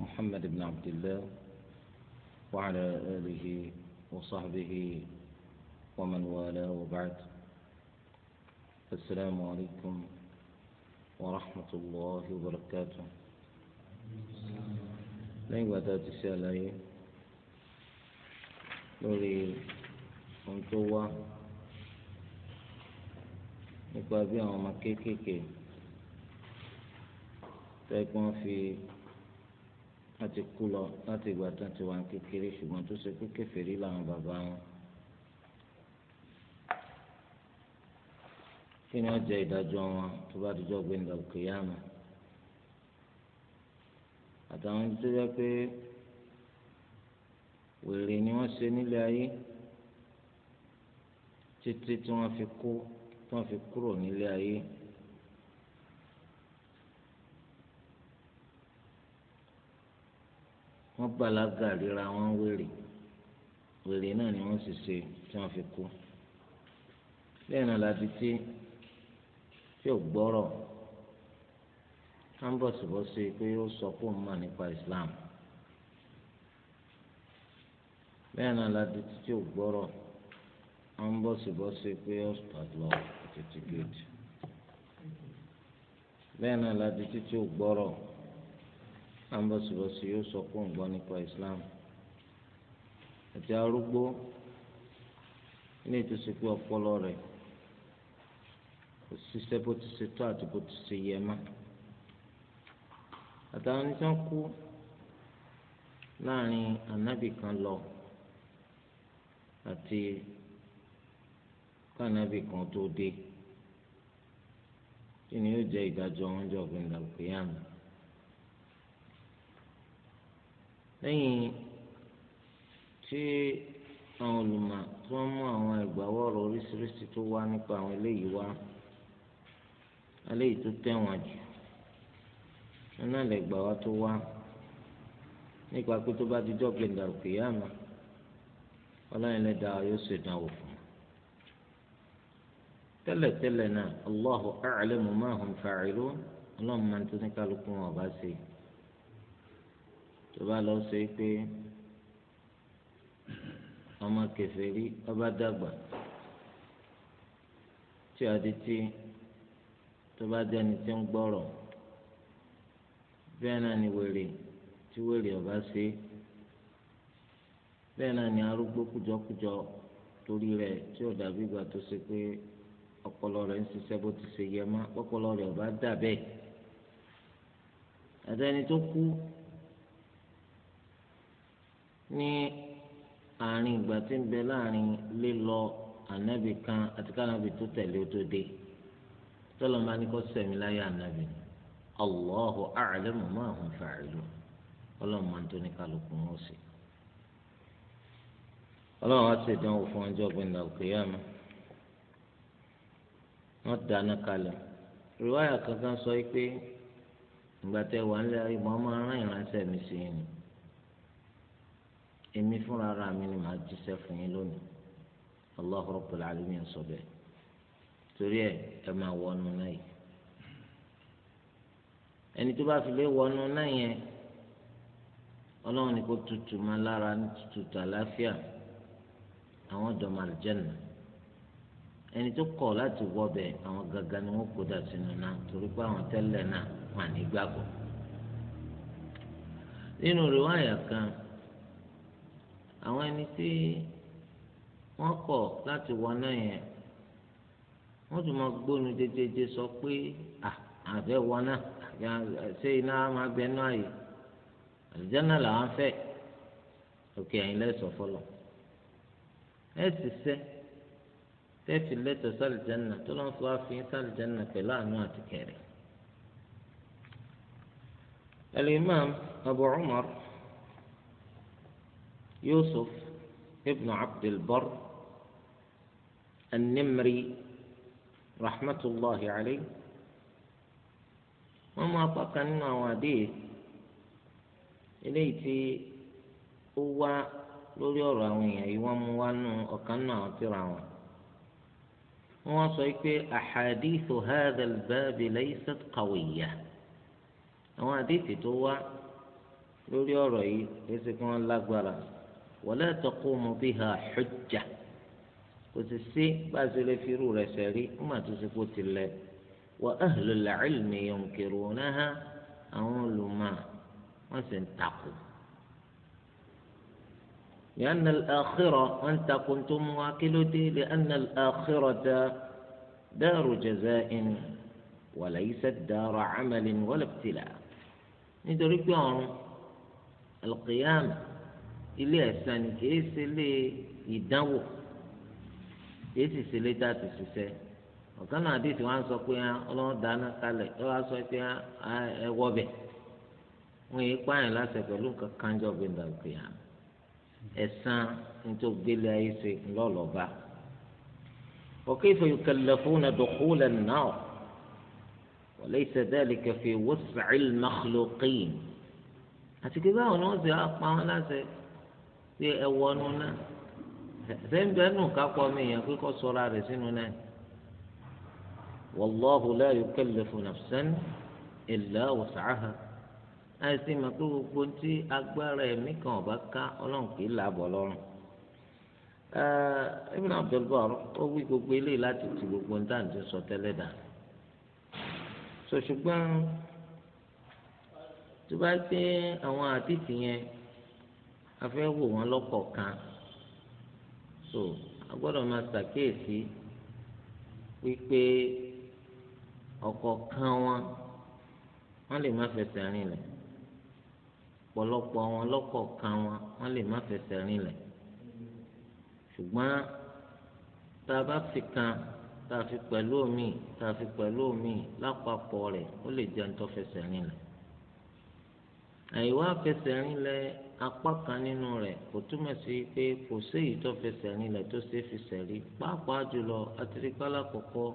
محمد بن عبد الله وعلى آله وصحبه ومن والاه وبعد السلام عليكم ورحمة الله وبركاته لين بدأت الشالعي lórí ohun tó wá nípa bí àwọn ọmọ kéékèèké tẹ́gbọ́n fi wọ́n ti kú lọ láti ìgbà tó ti wà kékeré ṣùgbọ́n tó ṣe pé kèfèrí làwọn bàbá wọn. kí ni wọ́n jẹ ìdájọ́ wọn tó bá dijọ́ gbé nígbà kéyàmù àtàwọn tó yẹ pé wèrè ni wọ́n ṣe nílé ayé títí tí wọ́n fi kú tí wọ́n fi kúrò nílé ayé. wọ́n balaga ríra wọn wèrè wèrè náà ni wọ́n sì ṣe tí wọ́n fi kú bẹ́ẹ̀ náà láti tí tí ò gbọ́rọ̀ kámbọ̀sibọ́sí pé ó sọ pé òun mà nípa Islam bẹ́ẹ̀ náà láti tí tí ò gbọ́rọ̀ kámbọ̀sibọ́sí pé ó pàdùlọ̀ títí gèdè bẹ́ẹ̀ náà láti tí tí ò gbọ́rọ̀ ambọ̀sibọ̀sì yóò sọ fún òǹgbọ́ nípa Islam àti arúgbó ní ìtòsí pé ọpọlọ rẹ̀ kò ṣiṣẹ́ bó ti ṣe tó àti bó ti ṣe yẹ má àtàwọn ẹni tí wọ́n kú láàrin ànábì kan lọ àti kánábì kan tó dé kí ni yóò jẹ́ ìdájọ́ wọn jọ gbẹ̀ndàgbéyàmù. lẹ́yìn tí àwọn olùmọ̀ tí wọ́n mú àwọn ìgbàwọ́rọ̀ oríṣiríṣi tó wá nípa àwọn eléyìí wá eléyìí tó tẹ̀wọ̀n jù nínú àlẹ́ tó wá nípa pé tó bá dijọ́ gbẹ̀ndà òkè yá mà ọlọ́run ẹlẹ́dàá yóò ṣèdánwò fún un náà ma ọlọ́run máa ń ní kálukú tó bá lọ sọ pé ọmọ kèfèrí ọba dàgbà tí adití tó bá dẹni tí ń gbọ́rọ̀ bẹ́ẹ̀ náà ni wèrè tí wèrè ọba ṣe bẹ́ẹ̀ náà ni arúgbó kújọkújọ torí rẹ̀ tí ò dàbí ìgbà tó ṣe pé ọpọlọ rẹ̀ ń ṣiṣẹ́ bó ti ṣe yẹ má ọpọlọ rẹ̀ ọba dà bẹ́ẹ̀ àtẹni tó kú ní àárín ìgbà tí ń bẹ láàrin lílọ ànábì kan àti kánábì tó tẹ̀lé tó dé tọ́lọ́ máa ní kó sẹ̀mí láyé ànábì ni Allahu a'lamu ma ọlọ́run máa ń tó ní kálukú wọn sí. ọlọ́run á sì dánwò fún ọjọ́ gbẹ̀ndà al-qiyamah wọ́n dáná kalẹ̀ rìwáyà kankan sọ pé ìgbà tẹ wà ń mọ́ máa èmi fúnra ara mi ni màá jíṣẹ́ fún yín lónìí sọ bẹ́ẹ̀ torí ẹ ẹ máa wọnú náà yìí ẹni tó bá fi lé wọnú náà yẹn ọlọ́run ni kó tutù máa lára ní tutù àwọn dọ̀mọ̀ ẹni tó kọ̀ láti wọbẹ̀ àwọn gangan ni wọ́n kó dà sínú náà kan. àwọn ẹni tí wọ́n kọ̀ láti wọná yẹn wọ́n tún máa gbónu jẹjẹjẹ sọ pé àfẹ́ wọná ṣé iná máa gbẹnú àyè àlùjáná làwọn fẹ́ òkè ẹ̀yìn lẹ́sọ̀ fọlọ́ ẹ sì sẹ́ tẹ́tì lẹ́tọ̀ sálìjáná tó lọ́n fọ́ àfihàn sálìjáná pẹ̀lú àánú àti kẹrẹ. Al-Imam Abu يوسف ابن عبد البر النمري رحمة الله عليه وما بقى نواديه إليتي هو لوليورا وين يوم وانو وكان أحاديث هذا الباب ليست قوية نواديتي توا لوليورا إيه إذا كان لاغبالاس ولا تقوم بها حجة وتسي بازل في رورة ساري وما تسكت الله وأهل العلم ينكرونها أقول ما ما سنتقوا لأن الآخرة أنت كنت مواكلتي لأن الآخرة دار جزاء وليست دار عمل ولا ابتلاء ندرك يوم القيامة ilé ẹ̀san ni kìí ṣe lé ìdánwò kìí sì ṣe lé tá a ti ṣiṣẹ́ ọ̀kan náà àdìsí wa ń sọ pé ọlọ́run dáná kalẹ̀ ẹ wá sọ pé ẹ wọbẹ̀ wọn yìí pààyàn láṣẹ pẹ̀lú nǹkan kanjọ́ gbẹ̀ndà gbìyà ẹ̀san nítorí gbélé ayé ṣe lọ́lọ́ba وكيف يكلفون دخول النار وليس ذلك في وسع المخلوقين àti pé báwo ni wọ́n apá wọn láṣẹ pé ẹ wọnú náà sẹ́ńbẹ́ẹ́nù kápọ̀ mi yẹn pé kó sọra rẹ̀ sínú náà wàlláhu la yukallifu nafsan illa wus'aha àìsí ma pé gbogbo tí agbára ẹ̀mí kan ọ̀bá ká ọlọ́run kì í làbọ̀ lọ́rùn Ibn Abdul ó wí gbogbo eléyìí láti ti gbogbo níta ní sọ tẹ́lẹ̀ dà so ṣùgbọ́n tó bá gbé àwọn àtìtì yẹn afẹ́ wò wọ́n lọ́kọ̀ọ̀kan so a gbọ́dọ̀ máa ṣàkíyèsí wípé ọ̀kọ̀ọ̀kan wọn wọ́n lè má fẹsẹ̀ rinlẹ̀ ọ̀pọ̀lọpọ̀ wọn lọ́kọ̀ọ̀kan wọn wọ́n lè má fẹsẹ̀ rinlẹ̀ ṣùgbọ́n tá a bá fi kan tá a fi pẹ̀lú omi tá a fi pẹ̀lú omi lápapọ̀ rẹ̀ ó lè jẹun tó fẹsẹ̀ rinlẹ̀ àìwá fẹsẹ̀ rinlẹ̀ apá kan nínú rẹ̀ kò túmọ̀ sí pé kò sí èyí tó fẹsẹ̀ rinlẹ̀ tó ṣe fi sẹ̀rí pàápàá jùlọ atirikálá kọ̀kọ́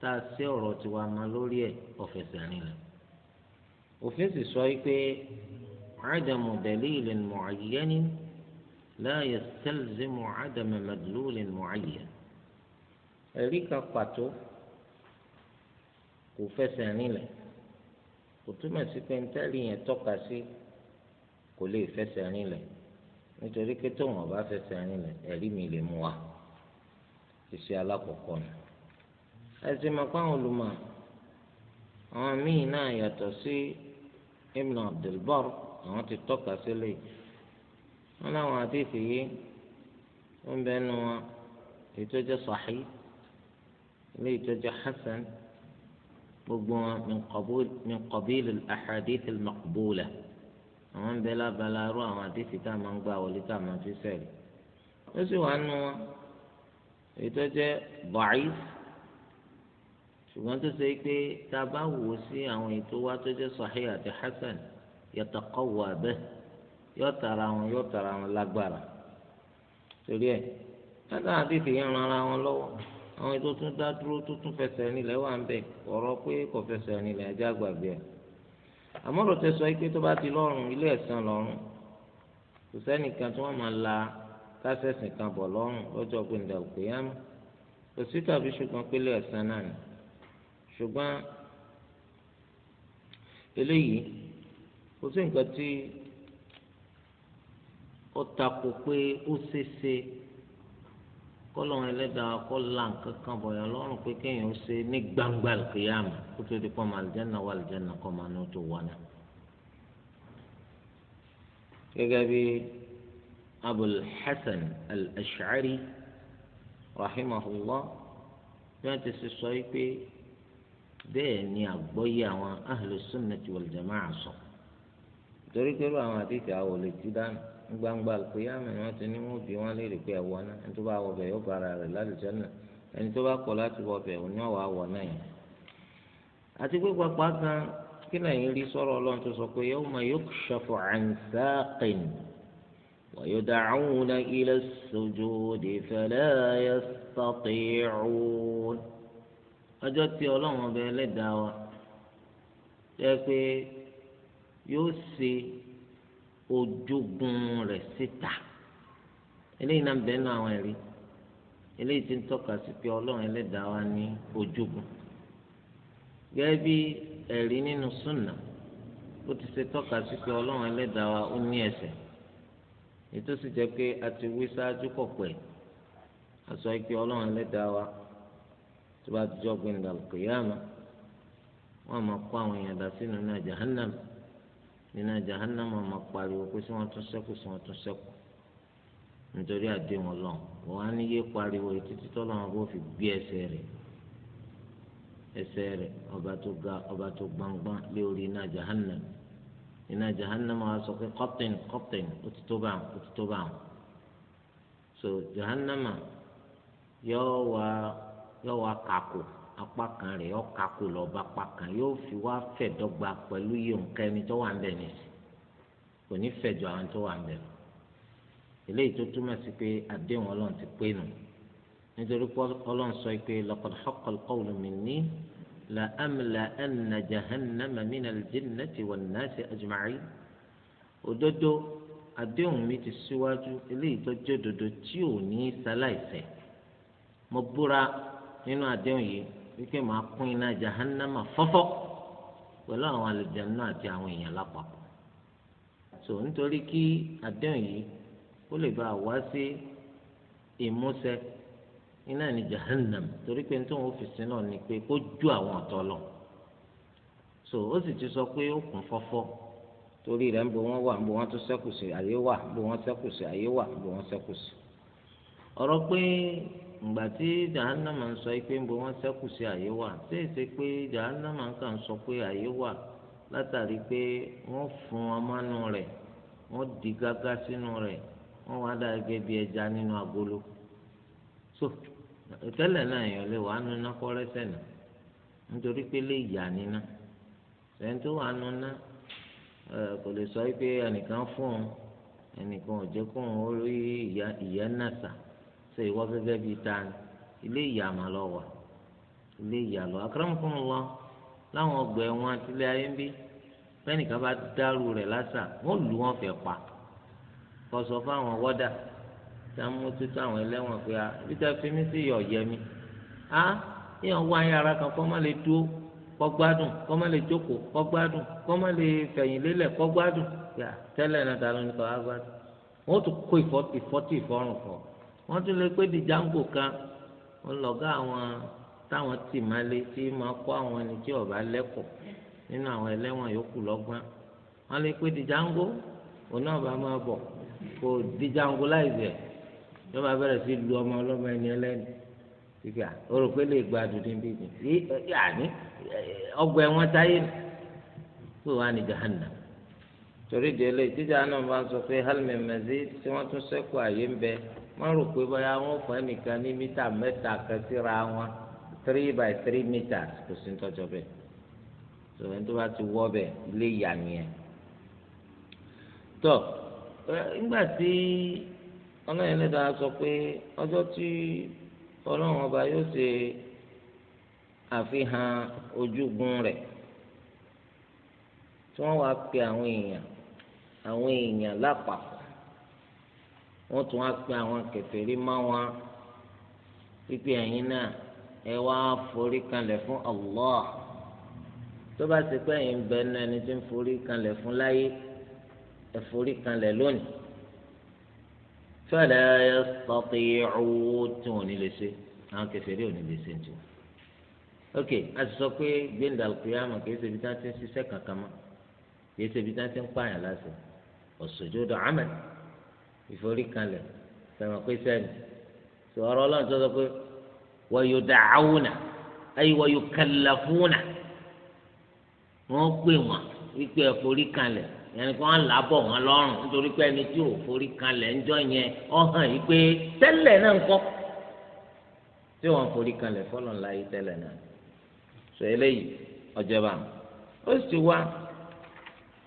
tá a ṣe ọ̀rọ̀ tiwa ma lórí ẹ̀ ọ̀fẹsẹ̀ rinlẹ̀ òfin sì sọ pé عدم دليل معين لا يستلزم عدم مدلول معين ẹ̀rí kan pàtó kò fẹsẹ̀ rinlẹ̀ kò túmọ̀ sí pé ń yẹn tọ́ka sí. Si kò lè fẹsẹ̀ rinlẹ̀ nítorí pé tó wọn bá fẹsẹ̀ rinlẹ̀ ẹ̀rí mi lè mú wa ìṣe alákọ̀ọ́kọ́ nù. ẹsẹ̀ máa pa àwọn olùmọ̀ àwọn míì náà yàtọ̀ sí Ibn Abdulbar àwọn ti tọ́ka sílẹ̀ wọn láwọn àdéhìí yìí wọn bẹ nu wọn ètò jẹ sahih ilé ètò jẹ hasan gbogbo wọn ni kọbílì al-ahadith al àwọn ń bẹ lábala arú àwọn àdéhìí tá a máa ń gbà wọlé tá a máa fi sẹ̀rí ó sì wá nù wọn èyí tó jẹ́ bàáyì ṣùgbọ́n tó ṣe pé tá a bá wò ó sí àwọn èyí tó wá tó jẹ́ sahih àti hasan yàtọ̀kọ̀wọ̀ abẹ́ yóò tara wọn yóò tara wọn lágbára torí ẹ̀ látàrí àdéhìí yẹn ran ara wọn lọ́wọ́ àwọn ètò tún dá dúró tó tún fẹsẹ̀ nílẹ̀ wà ń bẹ̀ ọ̀rọ̀ pé kò fẹsẹ̀ nílẹ̀ ajá gbàgbé ẹ̀ àmọ́ ló tẹ sọ pé tó bá ti lọ́rùn ilé ẹ̀san lọ́rùn kò sẹ́nìkan tí wọ́n máa la kásẹ̀sìn kan bọ̀ lọ́rùn lọ́jọ́ gbẹ̀ndà òkèèyàn kò sí tàbí ṣùgbọ́n pélé ẹ̀san náà ni ṣùgbọ́n eléyìí kò sí nǹkan tí ó takò pé ó ṣeéṣe kọlọ́n ẹlẹ́dàá kọ́ la nǹkan kan bọ̀yàn lọ́rùn pé kéèyàn ṣe ní gbangba kìyàmù kó tó di pọ́n màlìjánà wà lìjánà kọ́ màá ní o tó wà náà. gẹ́gẹ́ bí abul hasan al-ash'ari rahimahullah bí wọ́n ti ṣe sọ yìí pé bẹ́ẹ̀ ni àgbọ́yé àwọn ahlus sunnati wal jama'a sọ. torí pé bá àwọn àdìsí àwọn ti dáná gbangba àlùkòyàmẹ wọn ti ní wọn bí wọn léèrè pé ẹwọ náà ẹni tó bá wọ bẹ yóò bára rẹ lálùjọ náà ẹni tó bá kọ láti wọ bẹ òun náà wàá wọ náà yẹn. àti pé pápá kan kí lẹ́yìn rí sọ̀rọ̀ Ọlọ́run tó sọ pé yawma yukshafu an saqin wa yud'awna ila as-sujudi fala yastati'un. ọjọ́ tí Ọlọ́run ọbẹ̀ ẹlẹ́dàá wa jẹ́ pé yóò ṣe. ojogun rẹ̀ síta eléyìí náà bẹ́ẹ̀ nù àwọn ẹ̀rí eléyìí ti ń tọ́ka sí pé ọlọ́run ẹlẹ́dàá wa ní ojogun gẹ́gẹ́ bí ẹ̀rí nínú súnà ó ti ṣe tọ́ka sí pé ọlọ́run ẹlẹ́dàá wa ó ní ẹsẹ̀ ètò sì jẹ́ pé a ti wí sáájú pọ̀ pẹ́ àṣọ ike ọlọ́run ẹlẹ́dàá wa tó bá jọ́ yá wọ́n á máa kó àwọn èèyàn nínú jahannama máa pariwo pé sí wọn tún ṣẹ́kù sí wọn tún ṣẹ́kù nítorí àdéhùn Ọlọ́run wọn á níyé pariwo títí tọ́lọ́run bó fi gbé ẹsẹ̀ rẹ̀ ẹsẹ̀ rẹ̀ ọba tó ga ọba tó gbangban lé orí iná jahannama iná jahannama wa sọ pé kọ́tìn kọ́tìn ó ti tó báwọn ó ti tó báwọn so jahannama yọ wá yọ wá kàkó apá kan rẹ̀ ọ̀ka kò lọ bá apá kan yóò fi wá fẹ̀dọ́gba pẹ̀lú iye nǹkan ẹni tó wà ń bẹ̀ nìyí kò ní fẹ̀jọ àwọn tó wà ń bẹ̀ lọ eléyìí tó túmọ̀ sí pé àdéhùn ọlọ́run ti pé nù nítorí pé ọlọ́run sọ pé laqad haqqa al-qawlu minni la amla'anna jahannama mina al-jinnati wan-nasi ajma'in òdodo àdéhùn mi ti síwájú eléyìí tó jẹ́ òdodo tí ò ní sáláìsẹ̀ mo búra nínú àdéhùn yìí wípé màá kún iná jahannama fọ́fọ́ pẹ̀lú àwọn àlùjànnú àti àwọn èèyàn lápapọ̀ so nítorí kí àdéhùn yìí ó lè bá wá sí ìmúṣẹ iná ní jahannam torí pé nítorí wọn fi sin náà ni pé kó ju àwọn ọ̀tọ̀ lọ so ó sì ti sọ pé ó kún fọ́fọ́ torí rẹ̀ ń bo wọn wà ń bo wọn tó ṣẹ́kù sí àyè wà ń bo wọn ṣẹ́kù sí àyè wà ń bo wọn ṣẹ́kù sí ọ̀rọ̀ pé. ìgbà tí jahannama ń sọ pé ń bọ wọn ṣẹ́kù sí àyè wà ṣèṣe pé jahannama kàn sọ pé àyè wà látàrí pé fún ọmọnú rẹ̀ wọn di gágá sínú rẹ̀ wọn wà dá gẹ́gẹ́ bí ẹja nínú agolo so tẹ́lẹ̀ náà èèyàn lè wàá nuná kọ́rẹ́sẹ̀ náà nítorí pé lè yà níná sẹ́ni tó wàá nuná kò lè sọ pé ẹnìkan fún ẹnìkan ò ṣe ìwọ gẹ́gẹ́ bíi tani ilé ìyá mà lọ wà ilé ìyá lọ akramakumullah láwọn ọgbà ẹ̀wọ̀n àtìlẹ ayé ń bí bẹ́ẹ̀nìkan bá dárú rẹ̀ lásán wọ́n lù wọ́n fẹ́ pa kó sọ fáwọn wọ́dà tá a mú tútù àwọn ẹlẹ́wọ̀n pé a ah, bí tá a fi mí sí ìyọ̀ yẹ mi á ah, yíyan wá yàrá kan kó má lè dúró kó gbádùn lè jókòó kó gbádùn lè fẹ̀yìn lélẹ̀ kó tẹ́lẹ̀ náà ta ló ní kó wá gbádùn wọ́n tún kó ìfọ́tì ìfọ́rùn kan wọ́n tún lè pé dìjàǹgò kan wọ́n lọ̀gá àwọn táwọn tì máa lé tí máa kọ́ àwọn ẹni tí ọ̀bá lẹ́kọ̀ọ́ nínú àwọn ẹlẹ́wọ̀n yòókù lọ́gbọ́n wọ́n lè pé dìjàǹgò òun náà bá máa bọ̀ kò dìjàǹgò láì bẹ̀ yóò máa bẹ̀rẹ̀ sí lu ọmọ ọlọ́mọ ẹni ẹlẹ́ni fífi ó rò pé lè gba dùdú bí mi àní ọgbà ẹ̀wọ̀n táyé pé wàá ní jahanna torí délé jíjà náà máa sọ pé hal mazid tí wọ́n tún sẹ́kù àyè ń bẹ́ẹ̀ maroochydore rò pé bóyá wọ́n fún ẹnìkan ní mítà kan síra wọn three by three meters kò sí tọ́jọ́ bẹ́ẹ̀ sọ̀rọ̀ tó bá ti wọ́ bẹ́ẹ̀ ilé ìyá nìyẹn. tọ́ nígbà tí ọlọ́run ẹlẹ́dàá sọ pé ọjọ́ tí ọlọ́run ọba yóò ṣe àfihàn ojúgun rẹ̀ tí wọ́n wá pe àwọn èèyàn àwọn èèyàn lápapọ̀ wọ́n tún wá pe àwọn kèfèrí mọ́ wọn pípé ẹ̀yin náà ẹ wá forí kanlẹ̀ fún Allah tó bá ti pẹ́ ẹ̀yin bẹ́ẹ̀ náà ẹni tí ń forí kanlẹ̀ fún láyé ẹ forí kanlẹ̀ lónìí fẹ́lẹ́ ẹ sọ́kì owó tí wọ́n ní lè ṣe àwọn kèfèrí ò ní lè ṣe tù. ok a ti sọ pé gbẹ̀ndà kìyàmù kìí ṣe ibi tí wọ́n ti ń ṣiṣẹ́ kankan mọ́ kìí ṣe ibi tí wọ́n ti ń pààyàn láṣẹ ọ̀ṣọ́jọ́ dọ̀ àmàlẹ́. ìforíkalẹ̀ sẹ̀wọ̀n pé sẹ́ni sọ̀rọ̀ ọlọ́run tó sọ pé wọ́yọ̀ dàáwùnà ayé wọ́yọ̀ kẹlẹ́fúnà wọ́n pè wọ́n wípé ẹ̀foríkalẹ̀ yẹn kí wọ́n là wọ́n lọ́rùn nítorí pé ẹni tí ò foríkalẹ̀ ńjọ́ yẹn ọ hàn yìí pé tẹ́lẹ̀ náà ń kọ́ tí wọ́n foríkalẹ̀ fọlọ́n láyé tẹ́lẹ̀ náà sọ eléyìí ó sì wá.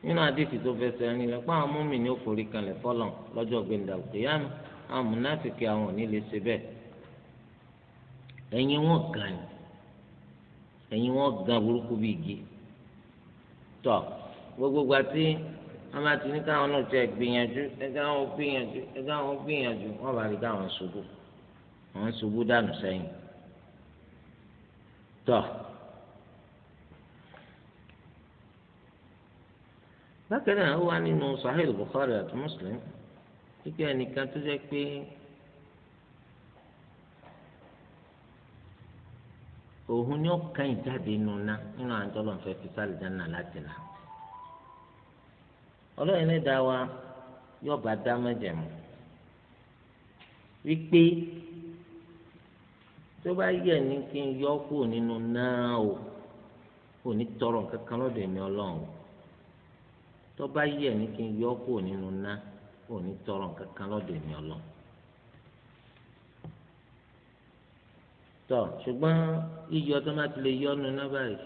nínú àdìsí tó fẹsẹ̀ ẹni lọ pé àwọn múmi ní òfòrí kanlẹ̀ fọlọ̀ lọ́jọ́ gbẹ̀ndà òkèèyàn àwọn múnáfìkì àwọn òní lè ṣe bẹ́ẹ̀ ẹ̀yin wọn gan ni ẹ̀yin wọn gan burúkú bí igi tọ gbogbo àti wọn bá ti ní káwọn náà tẹ gbìyànjú ẹgbẹ́ àwọn gbìyànjú ẹgbẹ́ àwọn gbìyànjú wọn bá rí káwọn ṣubú àwọn ṣubú dànù sẹ́yìn tọ. So, bákan náà ó wà nínú sahih bukhari àti muslim kíkẹ́ ẹnìkan tó jẹ́ pé òhun ni ó kàn jáde nùnà nínú àjọlọ̀ nfẹ́ fi sálì dáná láti nà ọlọ́yìn ní dáwà yóò bá dá mẹ́jẹ̀mú wípé tó bá yẹ ní kí n yọ kúrò nínú náà o ò ní tọrọ kankan lọ́dọ̀ èmi ọlọ́run o. tó bá yẹ ní kí n yọ kó nínú ná kó ní tọrọ nǹkan kan lọ́dọ̀ èmi ọlọ. tọ ṣùgbọ́n yíyọ tó má ti lè yọ nínú ná báyìí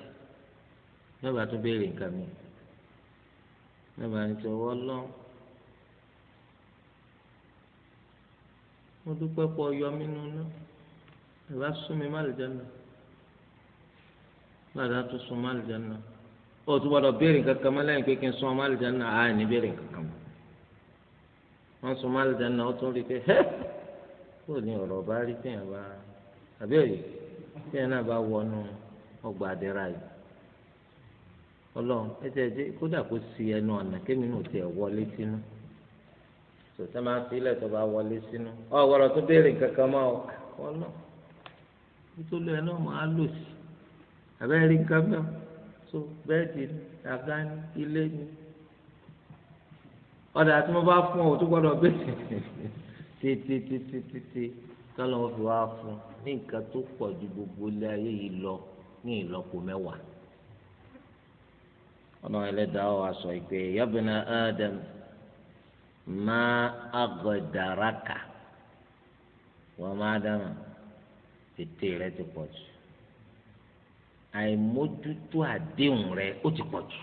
mẹ́wàá tó béèrè nǹkan mi mẹ́wàá ní tọwọ́ lọ. mo dúpẹ́ pọ̀ yọ mí nínú ná ẹ̀ bá sún mi má lè jẹun náà bàdá tó sún má lè jẹun náà. o tún gbọ́dọ̀ béèrè kankan mọ́ lẹ́yìn pé kí n sún ọmọ àlùjáná àá ní béèrè kankan mọ́ wọ́n sún ọmọ àlùjáná ó tún rí pé hẹ́ kó ní ọ̀rọ̀ bá rí bá náà bá wọnú ọgbà yìí ẹ ẹ kódà kó ẹnu ọ̀nà kémi náà tiẹ̀ wọlé sínú tòtẹ́ máa fi ilẹ̀ tó bá wọlé sínú ọ tún béèrè so bẹ́ẹ̀dì ni àga ni ilé ni ọ̀dà tí mo bá fún ọ ò tún gbọ́dọ̀ gbé tètètètètè kálọ̀ wọn fi wá fún ní nǹkan tó pọ̀ ju gbogbo ilé ayé yìí lọ ní ìlọ́po mẹ́wàá. ọ̀nà ẹlẹ́dàá wa sọ pé yabna Adam ma aghdaraka wọ́n má dáná tètè rẹ ti pọ̀ jù àìmójútó àdéhùn rẹ ó ti pọ̀ jù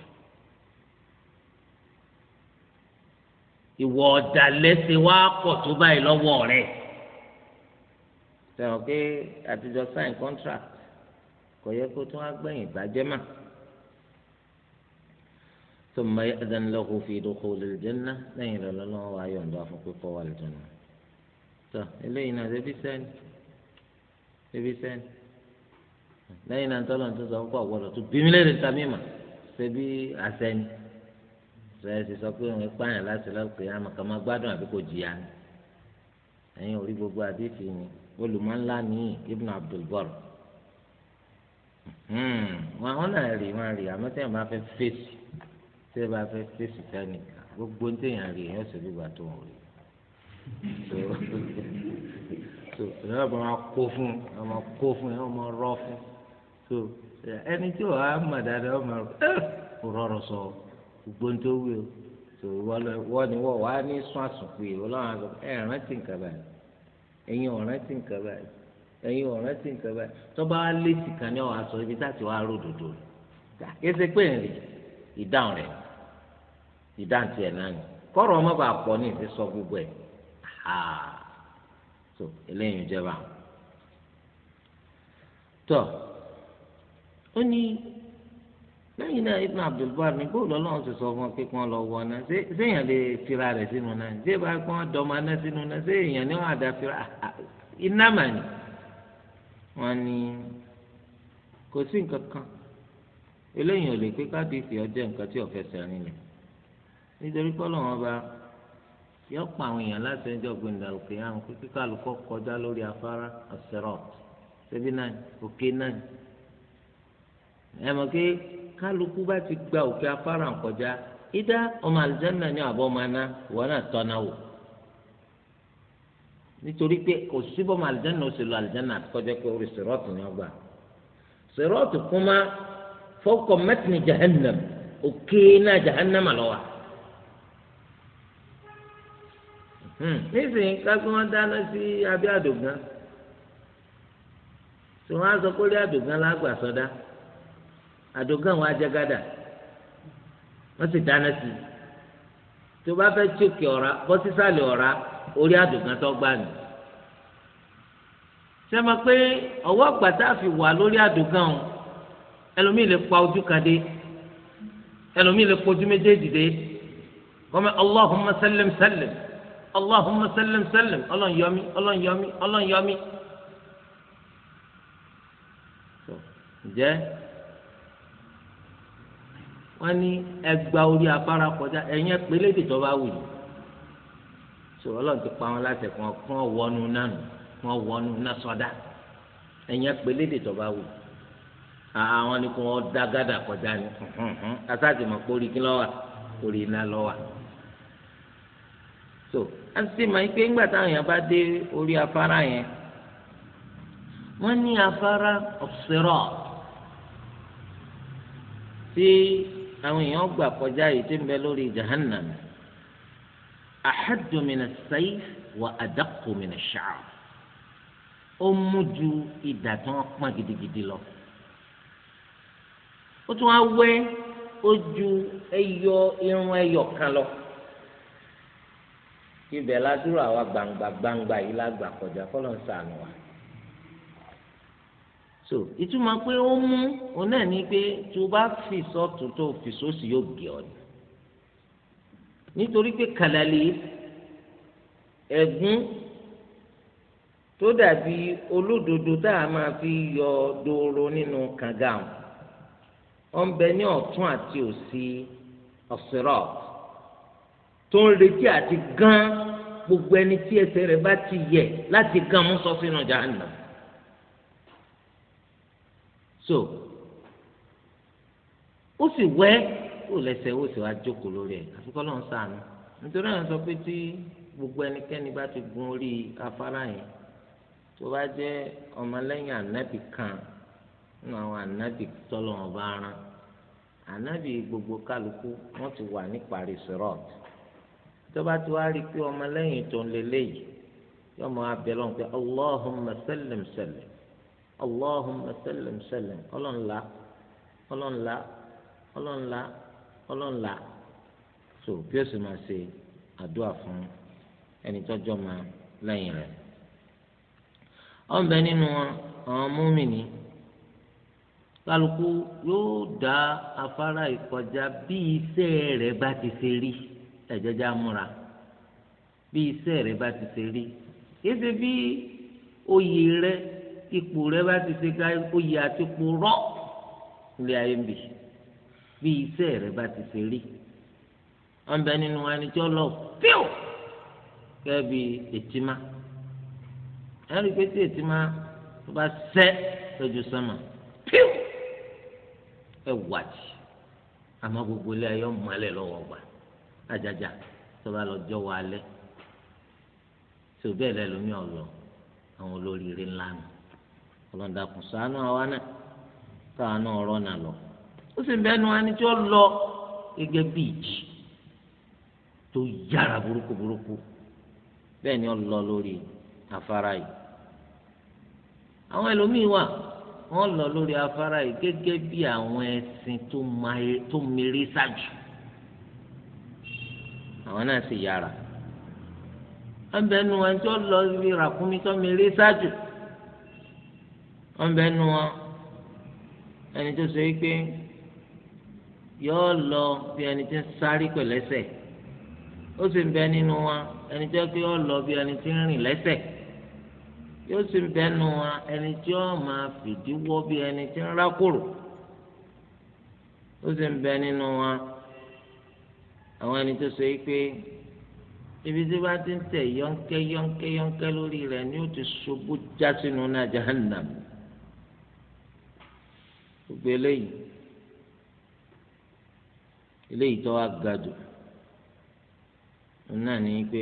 ìwọ ọ̀dàlẹ́sẹ̀ wá pọ̀ tó báyìí lọ́wọ́ rẹ sẹ́wọ̀n pé àtijọ́ sign contract kò yẹ kó tún agbẹ̀yìn ìbàjẹ́ mà tó mọ ẹ̀dánilọ́kọ̀ fi dukhul al-janna lẹ́yìn lọ́lọ́lọ́wọ́ wa yọ̀ǹda fún pípọ́ wà lẹ́jọ́ náà tó eléyìí lẹ́yìn náà tọ́lọ̀ tó sọ pé ọ̀gbọ́dọ̀ tó bí mi lè ta mí mà ṣe bí asẹ́ni sọ ẹ sì sọ pé òun pààyàn láti lọ́pẹ́ àmọ́ kàn máa gbádùn àbí kò jìyà ni ẹ̀yin orí gbogbo àdéhìí ni olùmọ̀ńlá ní Ibn Abdul Barr wọn àwọn náà rí wọn rí àmọ́ tẹ́yìn bá fẹ́ fèsì tẹ́yìn bá fẹ́ fèsì tẹ́nìkà gbogbo tẹ́yìn rí ẹ̀yọ́ sọ bí gbà tó ń rí so ìyá bá wọn kó fún wọn kó fún wọn rọ fún. so eh, ẹni tí wàá mọ̀ dáadáa ọmọ rẹ kò rọrùn sọ gbogbo tó wí o so wọ́n ni wọ́n wàá ní sún àsùnpè ọlọ́run àgbà ẹ̀ eh, rántí nǹkan báyìí ẹ̀yin ò rántí nǹkan báyìí ẹ̀yin ò rántí nǹkan ní sọ ibi ròdòdò rẹ̀ pé ìdáhùn rẹ̀ ìdáhùn tiẹ̀ náà ni kọ́rọ̀ ọmọ bá pọ̀ ní ìfi sọ gbogbo ẹ̀ so ó ní lẹ́yìn náà ibn abdulbar ní bóòlù ọlọ́run ti sọ fún ọ pé kí wọ́n lọ wọ náà ṣé èèyàn lè fira rẹ̀ sínú náà ṣé bá kí wọ́n dọ́mọ náà sínú náà ṣé èèyàn ní wọ́n àdá fira iná mà ní. wọ́n ní kò sí nǹkan kan eléyìí ò lè pé kábíyèsí ọjọ́ nǹkan tí ọ̀fẹ́ sẹ́rin lẹ̀ nítorí pọ́lọ́ wọn bá yọ pa àwọn èèyàn láti ẹjọ́ gbẹ̀ndà òkè àwọn kíkálukọ́ kọjá lórí afárá ọ̀sẹ̀rọ̀ ṣẹ́bí náà òkè náà ẹ mọ̀ pé kálukú bá ti gba òkè afárá nkọjá ìdá ọmọ àlùjáná ní àbọ̀ ọmọ aná ìwọ náà tọ́ná wò nítorí pé kò síbọ̀ ọmọ àlùjáná ó sì lọ àlùjáná àtikọ́jọ́ pé orí sèrọ́ọ̀tù ni wọ́n gbà sèrọ́ọ̀tù kún má fọ́kọ̀ mẹ́tìní jahannam òkè náà jahannam àlọ́wà. Hmm, nísìnyí kásán wọn dáná sí abẹ́ àdògán tí wọ́n á sọ pé orí àdògán lágbà So àdógán wọn ajagada wọn sì dáná sí i tó bá fẹ́ tsókè ọ̀ra bọ́ sísàlẹ̀ ọ̀ra orí àdógán tó gbà ní. sẹ́mi pé ọwọ́ gbàtà fi wà lórí àdógán o ẹlòmíì lè pa ojú kan dé ẹlòmíì lè pojú méjèèjì dé kọ́mẹ́ allahumma sallim sallim allahumma sallim sallim ọlọ́nyọ́mí ọlọ́nyọ́mí ọlọ́nyọ́mí. So, yeah wọ́n ní ẹgbà orí afárá kọjá ẹ̀yìn ẹ̀pẹ́lẹ́ ìdìjọba wù yìí sọ̀rọ̀ lọ́n ti pa wọn láti kàn kàn wọnú nánu kàn wọnú ná sọ́dá ẹ̀yìn ẹ̀pẹ́lẹ́ ìdìjọba wù yìí àwọn ni kò wọ́n dá gádà kọjá ni asáàtì mọ̀ pé orí kí lọ́wà orí iná lọ́wà so a sì máa ń ńgbà táwọn èèyàn bá dé orí afárá yẹn wọ́n ní afárá ọ̀sẹ̀rọ̀ tí. Si, àwọn èèyàn gbà kọjá yìí tí ń bẹ lórí jahannam ahaddu min as-sayf wa adaqqu min ash-sha'r ó mú ju ìdà tí wọ́n pọ́n gidigidi lọ ó tún á wẹ́ ẹyọ irun ẹyọ kan lọ ibẹ̀ ládùúrà wa gbangba gbangba yìí lágbà kọjá kọ́lọ́ ń sànù wa so ìtumọ̀ pé ó mú òun náà ní pé tó bá fi sọ́tún tó fi sósì yóò gé ọ ni nítorí pé kàlàlì ẹ̀gún tó dàbí olódodo tá a máa fi yọ dooro nínú kànga ọ̀ ń bẹ ní ọ̀tún àti òsì ọ̀sẹ̀rọ̀ tó ń retí àti gán gbogbo ẹni tí ẹsẹ̀ rẹ̀ bá ti yẹ láti gán mú sọ sínú jahannam so ó sì wẹ́ ó lẹ́sẹ̀ ó sì wá jókòó lórí ẹ̀ àfikọ́ lọ́n sànù nítorí àwọn sọ pé tí gbogbo ẹnikẹ́ni bá ti gun orí afárá yẹn tó bá jẹ́ ọmọlẹ́yìn ànábì kan nínú àwọn ànábì tọ́lọ́wọ́n bá rán ànábì gbogbo kálukú wọ́n ti wà ní parí sírọ́ọ̀tì tó bá ti wá rí i pé ọmọlẹ́yìn tó ń lélẹ́yìí yọmọ abẹ́lọ́n pé Allahumma sallim sallim allahumma sallim sallim ọlọ́nla ọlọ́nla ọlọ́nla ọlọ́nla so bí ó sì máa ṣe àdúrà fún ẹni tọ́jọ́ máa lẹ́yìn rẹ̀ ọ̀nbẹ nínú àwọn múmìnì kálukú yóò dá afárá ìkọjá bí iṣẹ́ rẹ̀ bá ti ṣe rí ẹ̀jẹ̀já múra bí iṣẹ́ rẹ̀ bá ti ṣe rí kí ṣe bí oyè rẹ̀ ipò rẹ bá ti ṣe ká oyè àti ipò rọ ilé ayé ń bì bí iṣẹ́ rẹ bá ti ṣe rí wọn bẹ nínú ẹni tí ó lọ fíò kẹbi ètìmá ẹni pé tí ètìmá tó bá sẹ lójú sọmọ fíò ẹ wàjì àmọ́ gbogbo ilé ayé ọmọ alẹ lọ́wọ́ gbà àjàjà tó bá lọ jọ wọ alẹ tó bẹ́ẹ̀ lẹ lómi ọlọ àwọn olóríire ńlá nù ọlọ́dà kò sànú àwa náà ọ̀rọ̀ náà lọ ó sì bẹ́ẹ̀ nu ẹni tí ó lọ gẹ́gẹ́ bí ìjì tó yára burúkú burúkú bẹ́ẹ̀ ni ó lọ lórí afárá yìí àwọn ẹlòmíì wà wọ́n lọ lórí afárá yìí gẹ́gẹ́ bí àwọn ẹṣin tó mèrè ṣáájú àwọn náà sì yára ẹnbẹ nu ẹni lọ tó mèrè wọn bẹ nu wọn ẹni tó sọ pé yọọ lọ bí ẹni tí ń sáré pẹ̀lú ẹsẹ̀ ó sì ń bẹ nínú wọn ẹni tó pé yọọ lọ bí ẹni tí ń rìn lẹ́sẹ̀ yóò sì ń bẹ nu wọn ẹni tí yọọ máa fìdíwọ́ bí ẹni tí ń rákòrò ó sì ń bẹ nínú wọn àwọn ẹni tó sọ pé ibi tí bá ti ń tẹ̀ yọ̀ǹkẹ́ yọ̀ǹkẹ́ yọ̀ǹkẹ́ lórí rẹ̀ ni ó ti ṣubú já sínú náà jahannam. gbogbo eléyìí eléyìí tó wá ga jù náà ní pé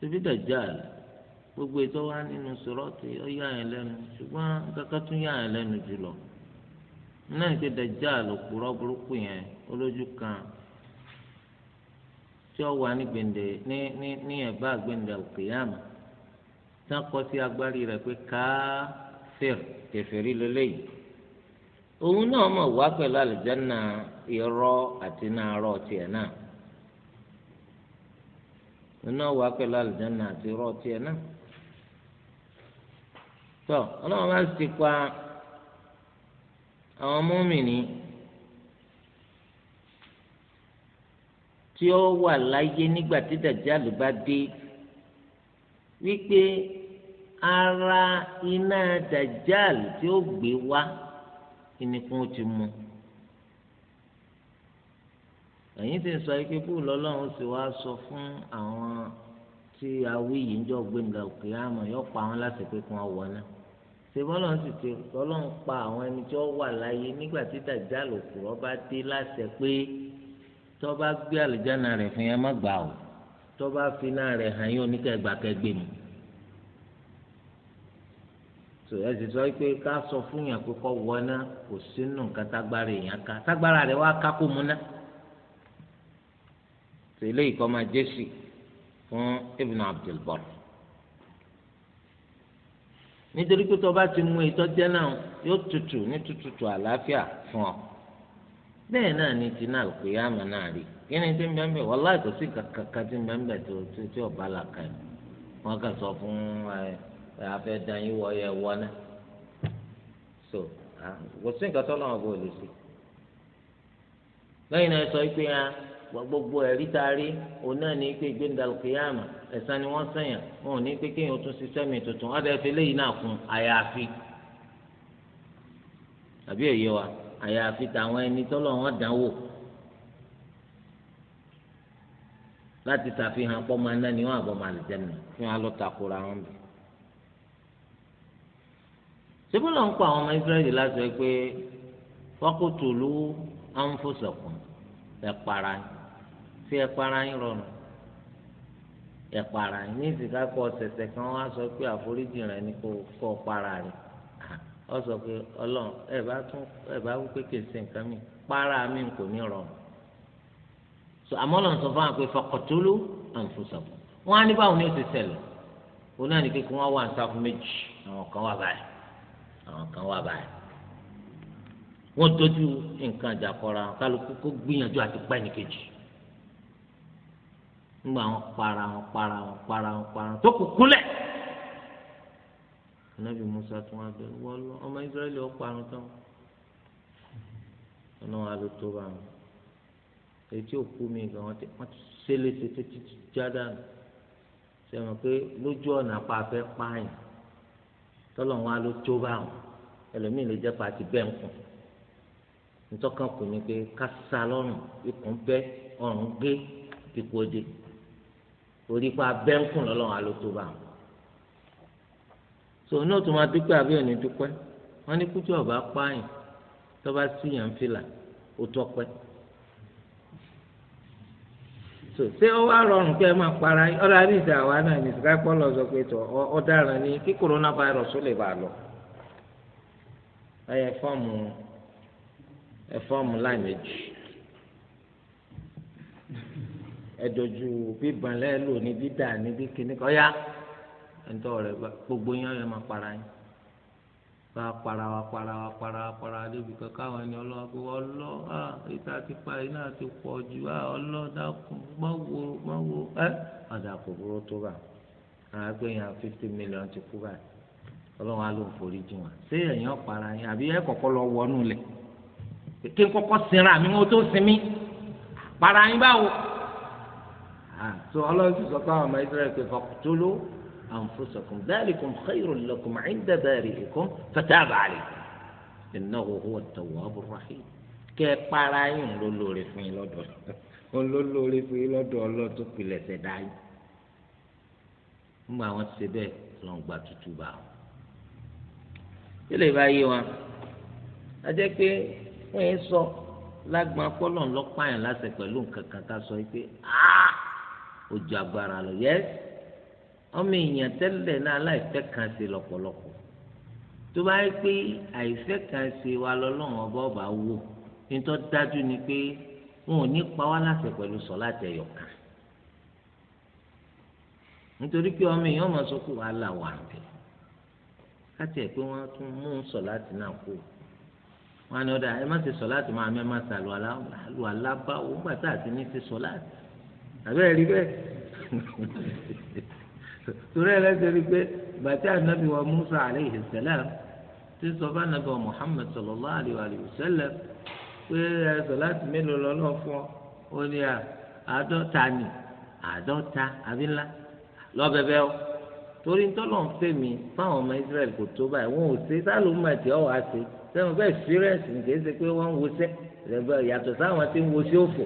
síbí gbogbo ètò wa nínú sọ̀rọ̀tì ó yẹn lẹ́nu ṣùgbọ́n kankan tún yà yẹn lẹ́nu jùlọ náà ní pé dàjáàlì òpùrọ̀ burúkú yẹn olójú kan tí ó wà ní gbèǹde ní ní ní ẹ̀bá gbèǹde òkè yàmù tí wọ́n kọ́ sí agbárí pé kàfíìr kẹfìrí lélẹ́yìí òun náà mọ̀ wá pẹ̀lú àlùjànnà irọ́ àti na rọ̀ náà òun náà wá pẹ̀lú àlùjànnà àti rọ̀ tiẹ̀ náà tọ́ ọlọ́run bá àwọn tí ó wà láyé nígbà tí dàjálù bá wípé ara iná dajal tí ó gbé wá ìnìkún ti mu ẹ̀yin ti sọ ike bú lọ́lọ́run sì wá sọ fún àwọn tí awí yìí ń jọ gbẹ̀ngà òkè àmọ́ yọ pa àwọn láti pé kí wọ́n wọ̀ náà sebọlọ sì ti Ọlọ́run pa àwọn ẹni tí wọ́n wà láyé nígbà tí dàjálù kùrọ bá dé láṣẹ pé tó gbé àlùjáná rẹ̀ fún yẹn má gbà o tó fi náà rẹ̀ hàn yín oníkẹgbàkẹgbẹ mu sòyà ti sọ pé ká sọ fún yàn pé kọ́ wọná kò sínú nǹkan tágbára èèyàn ká tágbára rẹ̀ wá ká kó mu ná tẹ̀lé ìkọ́ máa jésì fún Ibn Abdul Barr nítorí pé tó bá ti mú ìtọ́ jẹ́ náà yóò tutù ní tutù àlàáfíà fún ọ bẹ́ẹ̀ náà ni ti náà pé àmọ́ náà rí kí ni tí ń bẹ́ẹ̀ bẹ́ẹ̀ wọ́n láì kó sí kankan tí ń bẹ́ẹ̀ bẹ́ẹ̀ tó tí ọba là ká kà sọ fún ẹ̀ afẹ́ dan yín wọ yẹ wọ náà so kò sí nǹkan tọ́lọ́ wọn kò lè ṣe lẹ́yìn náà sọ pé gbogbo ẹ̀rí tá a rí òun náà ní pé ni wọ́n sẹ̀yàn wọn ò ní pé kéèyàn tún ṣiṣẹ́ mi tuntun náà wọn láti ṣàfihàn pọ́ máa ń náni wọn àbọ̀ fún ṣebí ló ń pa àwọn ọmọ israẹli láti ẹ pé fọkùtù ló ń fòsọkùn ẹ̀pàrà fi ẹ̀pàrà yín rọrùn ẹ̀pàrà yín ní ìsìnká kọ ṣẹ̀ṣẹ̀ kan wá sọ pé àforíjì rẹ ni kò kọ́ para rẹ ọ sọ pé ọlọ́run ẹ bá tún ẹ bá wí pé kì í ṣe nǹkan mi para mi kò ní rọrùn àmọ́ lọ́n sọ fún wa pé fọkùtù ló ń fòsọkùn wọn á ní báwo ni ó ti ṣẹlẹ̀ òun náà ní pé kí wà ń sáfún méjì àwọn kan wà báyìí àwọn kan wà báyìí wọ́n tọ́jú nǹkan àjàkọ́ra kálukú kó gbìyànjú àti pa ẹnìkejì nígbà wọn para wọn para wọn para wọn para wọn tó kù kúlẹ̀ anabi musa tún wá bẹ wọ́n ọmọ israẹli ọ̀pọ̀ àrùn tán ọ̀nà wa ló tó bá wọn etí òkú mi gan wọn ti ṣẹlẹ̀ ṣe títí jáde sẹ́wọ̀n pé lójú ọ̀nà apá afẹ́ pààyàn tọ́lọ̀ wọn ló tó bá wọn ẹlòmíì lè jẹ́ pàtì bẹ́ẹ̀ ń kùn ntọ́kàn kù ni pé kásá lọ́rùn ikùn bẹ́ ọ̀rùn gé ipò dé orí pa bẹ́ẹ̀ ń kùn lọ́lọ́ wọn ló tó bá wọn. sòun náà tó máa dúpẹ́ àbí òní dúpẹ́ wọ́n ní kújọ́ ọ̀bá pààyàn tọ́ba síyàn fìlà ó tọ́pẹ́. so ṣé ó wá rọrùn pé ẹ máa para ọ̀rọ̀ àdìsí àwa náà ní sìgá pọ́ lọ kí corona virus ó lè lọ. ẹyẹ fọ́ọ̀mù ẹ fọ́ọ̀mù láì méjì ẹ dojú lẹ́ẹ̀lò ní dídà ní bí kíní kọ́ bá parawa parawa parawa parawa débi kankan àwọn ẹni ọlọ́wọ́ pé ọlọ́ à ìta ti parí náà ti pọ̀ jù à ọlọ́ dákun má wo má wo ẹ́ ọ̀dà kò tó bá àwọn agbẹ̀yìn fifty million ti kú báyìí ọlọ́run á ló ń forí jù wọn ṣé èèyàn para yín àbí ẹ kọ́kọ́ lọ wọnú lẹ̀ kí n kọ́kọ́ sinra mi wọn tó sinmi para yín báwo. àtúntò ọlọ́run ti sọ pé àwọn ọmọ Israẹli pé fọkùtúlù. أنفسكم ذلكم خير لكم عند بارئكم فتاب عليكم إنه هو التواب الرحيم كيف قالاين لولوري فين لدو لولوري فين لدو الله تقبل سداي ما هو السبب لون باتتو باو ilé ìbáyé wa a jẹ pé wọn yẹn sọ lágbọn akọlọ ńlọpààyàn láṣẹ pẹ̀lú nǹkan kan ká sọ pé ah ojú agbára lọ yẹsì ọmọ èèyàn tẹ́lẹ̀ náà aláìfẹ́ kan sí lọ́pọ̀lọpọ̀ tó bá yẹ pé àìfẹ́ kan sí wa lọ́lọ́run ọba ọba wò nítorí dájú ni pé wọn ò ní pa wá láṣẹ pẹ̀lú sọ̀lá tẹ̀yọ̀ kan nítorí pé ọmọ èèyàn máa sọ pé wàhálà wà bẹ́ẹ̀ láti ẹ̀ pé wọ́n tún mú sọ̀lá tì náà kú wọn ni ọ̀dà ẹ má ti sọ̀lá tì máa mẹ́ má ta lu alábáwò gbàtà àti ní ti sọ̀lá tì àbẹ́ẹ̀ rí bẹ́ẹ̀. torí ẹ lẹ́sẹ̀ rí pé bàtí ànábì wa Musa aleyhi sẹlẹm ti sọ fún ànábì wa Muhammad sallallahu alayhi wa sallam pé ẹsọ láti mélòó lọ́lọ́ fún ọ ní àádọ́ta ni àádọ́ta àbí ńlá lọ́bẹ̀bẹ̀ o torí ntọ́lọ̀ ń fẹ́ mi fáwọn ọmọ Israẹli kò tó báyìí wọn ò ṣe sálò ń bàtí ọ̀ wá sẹ́wọ̀n bẹ́ẹ̀ experience nìkan ṣe pé wọ́n ń wọṣẹ́ yàtọ̀ sáwọn tí ń wọṣẹ́ òfò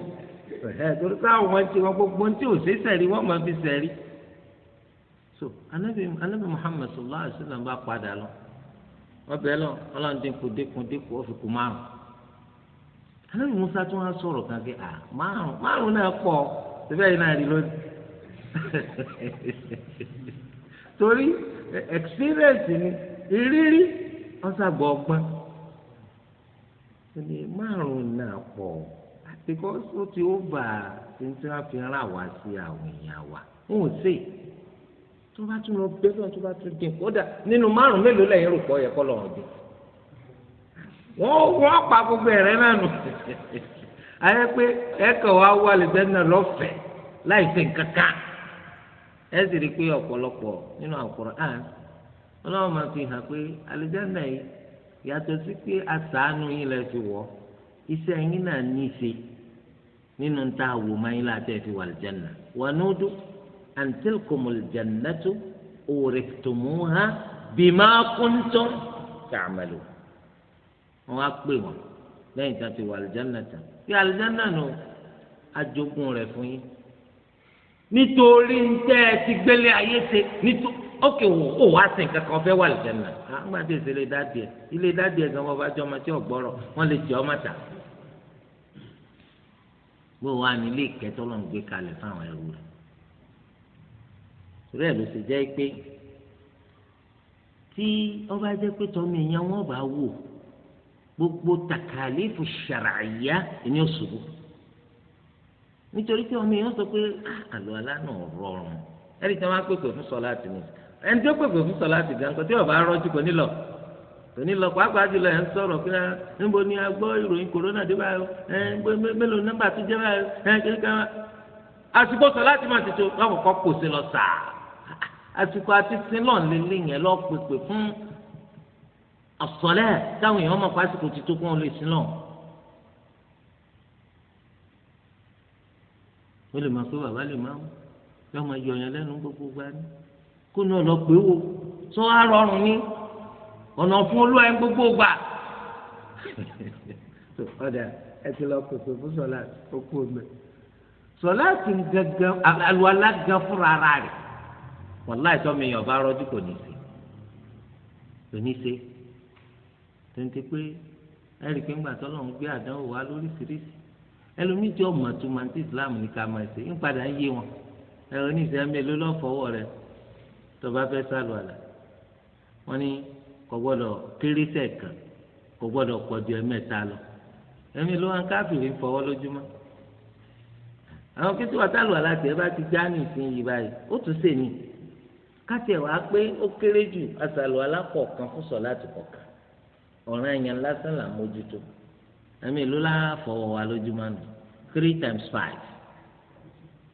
torí sáwọn tí wọn gbogbo tí ò ṣe sẹ̀rí wọ́n máa fi sẹ̀rí so anabi anabi muhammed sallallahu alaihi wa sallam bá padà lọ wọn bẹ lọ Ọlọ́run dínkù dínkù dínkù ó kù márùn anabi musa tún wá sọ̀rọ̀ kan kí a márùn márùn náà pọ̀ síbẹ̀ yìí náà rí lónìí torí experience ni ìrírí wọn sàgbọ ọgbọ́n ẹni márùn náà pọ̀ because ó ti ó bà tí wọn fi ń wá sí àwọn èèyàn wa wọn ò sèé. tó bá tún lọ bẹ́ẹ̀ lọ tó bá tún dín kódà nínú márùn mélòó yẹ pa gbogbo ẹ̀rẹ́ náà nù ayẹ pé ẹ̀kọ́ wa wà lẹ́gbẹ́ náà lọ́fẹ̀ẹ́ láì fi nǹkan ẹ sì rí i pé nínú máa fi hàn pé sí pé fi náà ní í ṣe nínú a fi wà wà ní an tilkumul jannatu òrètòmùhà bìmá kúntùm tààmàlù wọn á pè wọn lẹ́yìn tí wọn ti wà àlùjáná tà bí àlùjáná nù àjogún rẹ̀ fún yín nítorí ń tẹ ẹ ti gbélé ayé ṣe nítorí ókè wò ó wá sìn kankan fẹ́ wà àlùjáná àgbà tí èsì lè dá díẹ̀ ilé dá díẹ̀ gan wọn bá jọ ọmọ tí ò gbọ́rọ̀ wọn lè jẹ ọmọ tà gbówó wa nílé ìkẹtọ́ ló ń gbé kalẹ̀ fáwọn ẹrú rẹ̀ rẹ ló ṣe jẹ́ pé tí ọba jẹ́ pé tọ́mọ èèyàn wọn bá wò gbogbo takalifu ṣàràyà ni ó ṣubú nítorí pé ọmọ èèyàn sọ pé ah, àlọ́ alá náà rọrùn ẹ̀rí tí wọ́n á pèpè fún sọlá àti mi ẹni tí ó pèpè fún sọlá àti gàǹkan tí ọba rọjú kò nílọ kò nílọ pàápàá jùlọ ẹ̀ ń sọ̀rọ̀ pé ah, níbo ni a gbọ́ ìròyìn kòrónà dé báyọ̀ ẹ̀ mélòó nọ́mbà tó jẹ́ báyọ̀ ẹ̀ kékeré àsìkò sọlá àti màtìtò wọn kò kọ́ àsìkò àti sílọ̀ nílé yẹn lọ́ọ́ pèpè fún àsọ̀lẹ̀ táwọn èèyàn mọ̀ pásìkò ti tó kún un lè sílọ̀. ó lè máa pé bàbá lè máa wọ bí wọn máa yọ ọyàn lẹ́nu gbogbo gba ni kó ní ọlọ pé wo sọ wá rọrùn ní ọ̀nà fún olúwa yẹn gbogbo gbà. ọ̀dà ẹ ti lọ pèpè fún sọlá ó omi sọlá ti gàgà àlùwalá gàn fúnra rẹ̀ wàláì tọ́mi èèyàn bá rọ́jú kò ní í ṣe kò ní í ṣe tètè pé ẹ rí i pé ńgbà tó lọ́n gbé àdánwò wá lóríṣiríṣi ẹlòmíì tí ọmọ tó máa ti Islam ní ká máa ṣe ń padà yé wọn ẹ̀rọ ní ìsẹ́mi ló lọ́ fọwọ́ rẹ tó bá fẹ́ sálù àlà wọn ni kò gbọ́dọ̀ kéré sẹ̀kàn kò gbọ́dọ̀ pọ̀jù ẹ̀mẹ́ta lọ ẹ̀mí ló wá ń ń fọwọ́ lójúmọ́ àwọn kí tí wọ́n sálù àlà tẹ̀ bá ti já ní ìsinyìí báyìí ó tún sè ní kátìẹ̀ wá pé ó kéré jù àṣàlù alákọ̀ọ̀kan fún sọ láti kọ̀ọ̀kan ọ̀ràn ẹ̀yàn lásán là mójútó ẹ̀mí ìlú láfọwọ́ wa lójúmọ́ nù three times five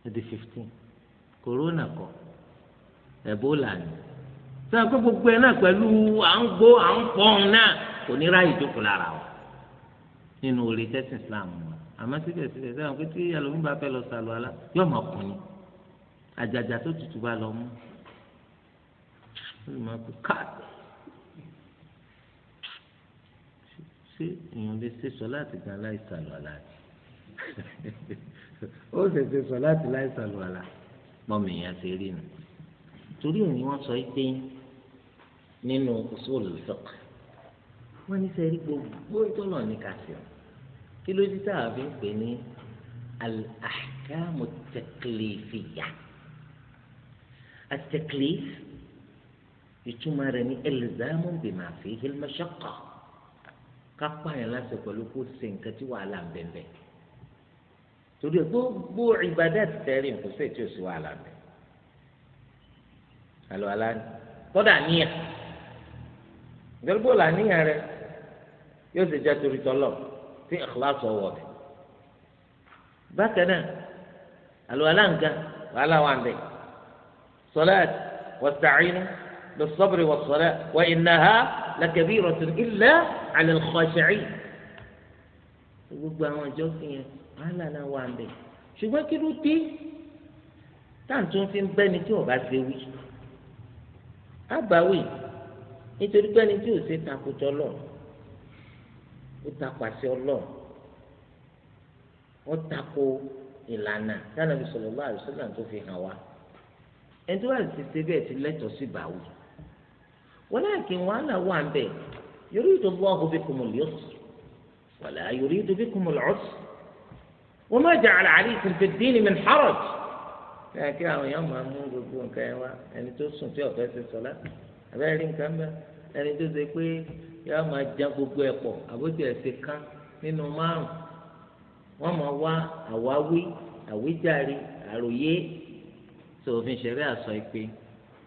ẹ̀dí fifteen corona kọ Ebola ni sọ pé gbogbo ẹ̀ náà pẹ̀lú à ń gbó à ń pọ́n náà kò ní ráàyè jókòó lára wa nínú orí tẹ́sán Islam wọn àmọ́ síbẹ̀síbẹ̀ sẹ́wọ̀n pé tí ẹlòmíì bá fẹ́ lọ sàlù alá yóò mọ̀ ọkùnrin àjàjà tó tutù bá lọ mú olùmọ̀ pé káàdì ṣé èèyàn lè ṣe sọ láti gan láìsàlù àlá ó sì ṣe sọ láti láìsàlù àlá mọ́mí ìyá ṣe rí nu torí òní wọ́n sọ pé nínú usul fiqh wọ́n ní sẹ́rí gbogbo ìtọ́nà ní kàṣí kí ló dé táà fi ń pè ní al-ahkamu at-taklifiyya ìtumọ̀ rẹ̀ ní ẹlẹ́zàmù bìmọ̀ àfi hílmẹ́sẹ̀kọ̀ kápá yẹn láti pẹ̀lú kó ṣe nǹkan tí wàhálà ń bẹ̀ẹ̀ torí ẹ gbogbo ìbàdàn ti tẹ̀rí nǹkan sí ètò ìṣòwò àlà mi àlọ́ àlá ni kọ́dà níyà ìgbẹ́lẹ́gbọ́ là níyà rẹ yóò ṣe jẹ́ torí tọ́lọ̀ tí ìkìláàsì ọwọ́ rẹ̀ bákan náà àlọ́ àlá nǹkan wàhálà wà ń bẹ̀ sọláàtì wọ́n ṣàìnú بالصبر والصلاة وإنها لكبيرة إلا على الخاشعين gbogbo àwọn ìjọsìn yẹn wàhálà náà wà ń bẹ ṣùgbọ́n kí ló dé táǹtún fi ń bẹ́ni tí ọba ṣe wí àbáwí nítorí bẹ́ni tí ò ṣe takùtọ̀ Ọlọ́run ó takpàṣẹ Ọlọ́run ó takò ìlànà tí Ànábì sallallahu alaihi wasallam tó fi hàn wá ẹni tó wà ti ṣe bẹ́ẹ̀ ti lẹ́tọ̀ọ́ sí bàwí walakin wàhálà wà ń bẹ̀ yuridu Allahu bikumul yusra wala yuridu bikumul usra wa ma ja'ala alaykum fid-din min haraj bẹ́ẹ̀ kí àwọn èèyàn máa mú gbogbo nǹkan yẹn wá ẹni tó sùn tí ọ̀fẹ́ ti sọ̀lá abẹ́rẹ́ rí nǹkan bẹ́ẹ̀ ẹni tó ṣe pé yóò máa já gbogbo ẹ̀ pọ̀ àbótí ẹ̀ ṣe kán nínú márùn wọ́n máa wá àwáwí àwíjàre àròyé tó òfin ṣẹ̀rí àsọ ìpè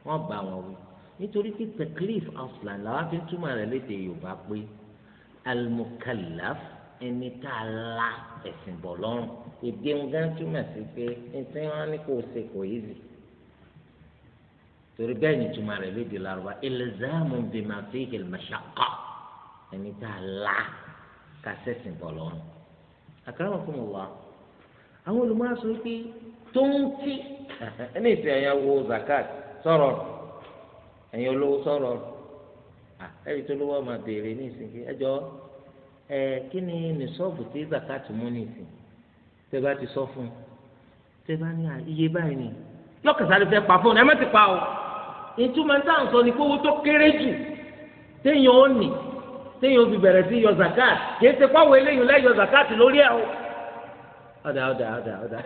wọ́n bá wọn wí nítorí pé taklif aslan làwọn fi ń túmọ̀ rẹ̀ léde yorùbá pé almukallaf ẹni tá a la ẹ̀sìn bọ̀ lọ́rùn èdè nǹkan túmọ̀ sí pé ẹsẹ̀ wọn ni kò ṣe kò yí zi torí bẹ́ẹ̀ ni túmọ̀ rẹ̀ léde lárúbá ilzamu bima fihi almashaqqa ẹni tá a la ká sẹ̀sìn bọ̀ lọ́rùn akramakumullah àwọn olùmọ̀ àṣọ pé tó ń tí ẹni ìsìn ẹ̀yà zakat sọ̀rọ̀ rẹ̀ ẹ̀yin olówó sọ̀rọ̀ ẹ̀rí tó lówó ọmọ béèrè ní ìsìnkú ẹjọ́ ẹ kí ni nìṣọ́ọ̀bù tí zakati mú ní ìsìn tẹ́ bá ti sọ fún un tẹ́ bá ní iye báyìí ni lọ́kàtàlẹ́ fẹ́ pa fóònù ẹ má ti pa o ìtumọ̀ ní táwọn sọ ni kówó tó kéré jù téèyàn ó nì téèyàn ó fi bẹ̀rẹ̀ sí yọ zakat kì í ṣe pàwọ́ eléyìí lẹ́yọ zakat lórí ẹ̀ o ọ̀dà ọ̀dà ọ̀dà ọ̀dà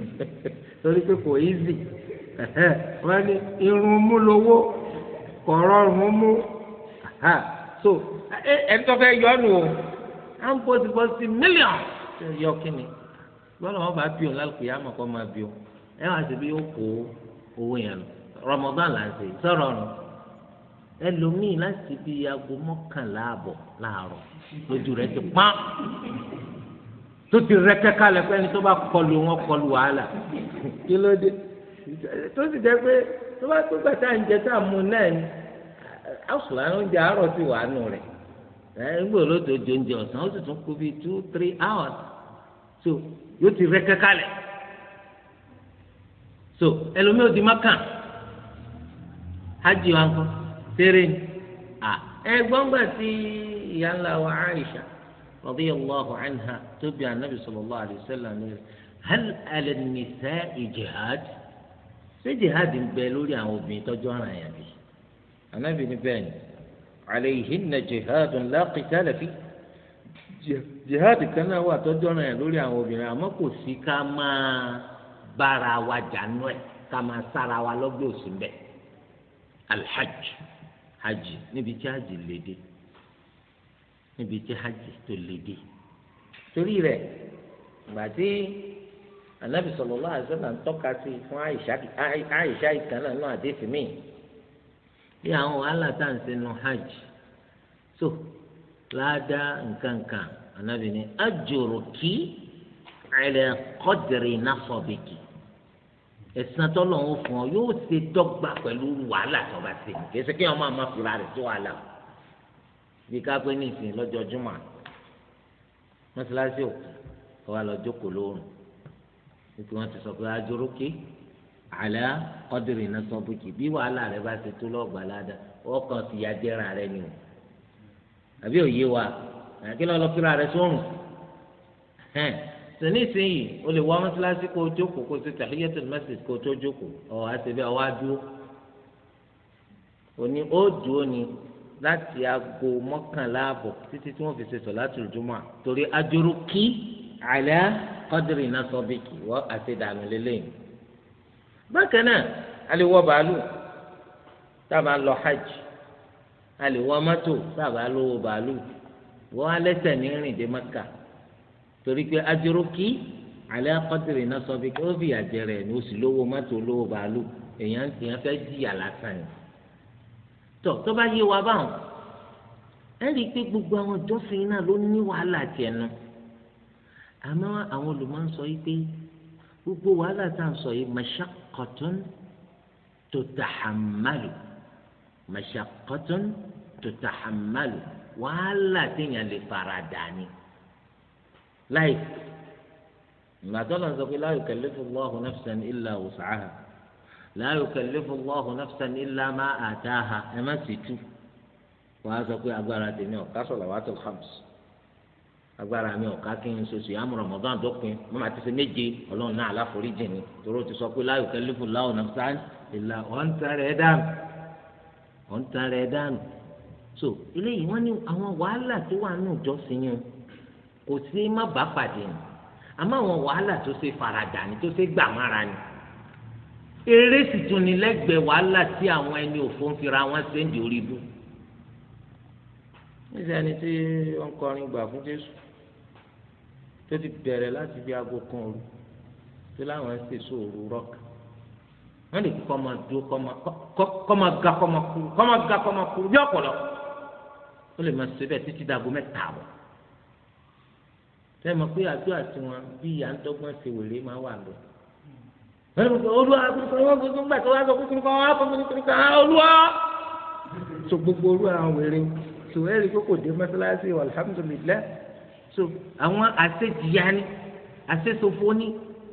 torí pé kò easy wọ́n ní irun mú lówó kò rọrùn mú so ẹni tó fẹ́ yọ nù o à ń bọ́ sí bọ́ sí mílíọ̀n yọ kíni gbọ́dọ̀ wọn bá bí o lálùkù yá mọ̀ kọ́ máa bí o ẹ wá sí bí ó kó owó yẹn lọ Ramadan là ń sè sọ̀rọ̀ ọ̀run ẹlòmíì láti bí aago mọ́kànlá àbọ̀ láàárọ̀ lójú rẹ̀ ti pọ́n tó ti rẹ́kẹ́ kalẹ̀ pé ẹni tó bá kọlu wọn kọlu wàhálà kí ló dé tó sì jẹ́ pé tó bá pé gbàtà ń jẹ tá a mú náà ni àṣùlá oúnjẹ àárọ̀ ti wà nù rẹ̀ nígbà olóòtú ojú oúnjẹ ọ̀sán ó sì tún kú bíi two three hours so yóò ti rẹ́ kẹ́kálẹ̀ so ẹlòmíì ò di mọ́kàn hajj wa ń kọ́ ni à ẹ gbọ́ngbà tí ìyá ńlá wa Aisha radiyallahu anha tó bi anabi sallallahu alayhi wa sallam hal ala nisa'i jihad ṣé jihad ń bẹ lórí àwọn obìnrin tọ́jú ọ̀ràn yẹn bí anábì ní bẹ́ẹ̀ ni alayhinna jihadun la qitala fi jihad kan náà wà tọ́jú ọ̀ràn yẹn lórí àwọn obìnrin àmọ́ kò sí ká máa bára wa jànú ẹ̀ ká máa sára wa lọ́gbẹ́ òsì mbẹ́ alhajj hajj níbi tí hajj lè dé níbi tí hajj tó lè dé torí rẹ̀ gbàtí anabi sallallahu alaihi wasallam tọ́ka sí fún àyíṣà ìkànnà náà àdéhùn mi bí àwọn wàhálà tá à ń ṣe nu hajj so láàdá nkankan anabi ni ajruki ala qadri nasabiki ẹ̀sìn tọ́lọ̀ ń fún ọ yóò ṣe dọ́gba pẹ̀lú wàhálà tó bá ṣe kìí ṣe kí ọmọ àmọ́ fúra rẹ̀ tó wàhálà bí ká pé ní ìsìn lọ́jọ́ jùmọ̀ mọ́ṣáláṣí òkú ọ̀wá lọ́jọ́ kò lóorùn nítorí wọn ti sọ pé ajuruki àlẹ́ ọ̀dìrì náà sọ bùkì bí wàhálà rẹ bá ṣe tó lọ́gbà ládàá ọkàn ti ya jẹ́ra rẹ ni o àbí òye wa kí lọ́ọ́ lọ kíra rẹ sórùn sẹ́ni ìsinyìí o lè wá mọ́sálásí kó o jókòó kó o ṣe tahiyatul masjid kó o tó jókòó ọ̀ àṣebí ọwọ́ adúró òní ó dúró ni láti aago mọ́kànlá àbọ̀ títí tí wọ́n fi ṣe sọ̀látùl jumu'ah torí ajuruki àlẹ kọdìrì náà sọ bí kì wọ àti dànù lélẹyìn bákan náà a lè wọ bàálù tá a bá lọ hajj a lè wọ mọ́tò tá a bá lówó bàálù wọ́n alẹ́sẹ̀ ní rìn dé maka torí pé adúrókì àlẹ́ akọ́tìrì náà sọ ó fi àjẹ ní oṣù lówó mọ́tò lówó bàálù èèyàn èèyàn fẹ́ jìyà lásán yìí tọ́ tó bá yé wa báwọn ẹ̀ rí i pé gbogbo àwọn ìjọsìn náà ló ní wàhálà tiẹ̀ náà àmọ́ àwọn olùmọ̀ ń sọ yìí pé gbogbo wàhálà tá à ń sọ yìí mashaqqatun tutahammalu mashaqqatun tutahammalu wàhálà téèyàn lè fara dà ní láì ìgbàdọ́lọ̀ ń sọ pé la yukallifu Allahu nafsan illa wus'aha la yukallifu Allahu nafsan illa ma ataha ẹ má sì tú wàá sọ pé agbára tèmi ọ̀ kásọ̀ làwátò khams agbára mi ọ̀ká kí n ṣoṣù yà mọ̀ràn mọ́tò àdópin mọ́mọ́ àti ṣe méje ọlọ́run náà aláforíjì ni tòró ti sọ pé láyò kẹ́lẹ́fù láwọn náà sáà ìlà ọ̀ ń tan rẹ̀ dànù ọ̀ ń tan rẹ̀ dànù so eléyìí wọ́n ní àwọn wàhálà tó wà nù jọ́sìn yẹn kò sí má bàá pàdé ni àmọ́ àwọn wàhálà tó ṣe faradà ni tó ṣe gbà mára ni eré sì tún ni lẹ́gbẹ̀ẹ́ wàhálà tí àwọn ẹni òfò ń fira wọn ṣe ń di orí bú níṣẹ́ ni tí wọ́n kọrin gbà fún Jésù tó ti bẹ̀rẹ̀ láti bí aago kan òru tó láwọn ṣe sóòrù rọ́ọ̀kì wọ́n lè kọ́ máa dúró kọ́ máa ga kọ́ máa kúrú kọ́ máa ga kọ́ máa kúrú bí ọ̀pọ̀lọ́ ó lè máa ṣe bẹ́ẹ̀ títí dàgbò mẹ́ta àbọ̀ tẹ́ ẹ mọ̀ pé àjọ àti wọn bí ìyá ń dọ́gbọ́n ṣe wèrè máa wà lọ. wọ́n lè mọ̀ olúwa kúrúkúrú wọn gbogbo olúwa. wèrè so ẹ̀rí kókò dé mọ́ṣáláṣí alhamdulillah so àwọn àṣejìyani àṣesòfóní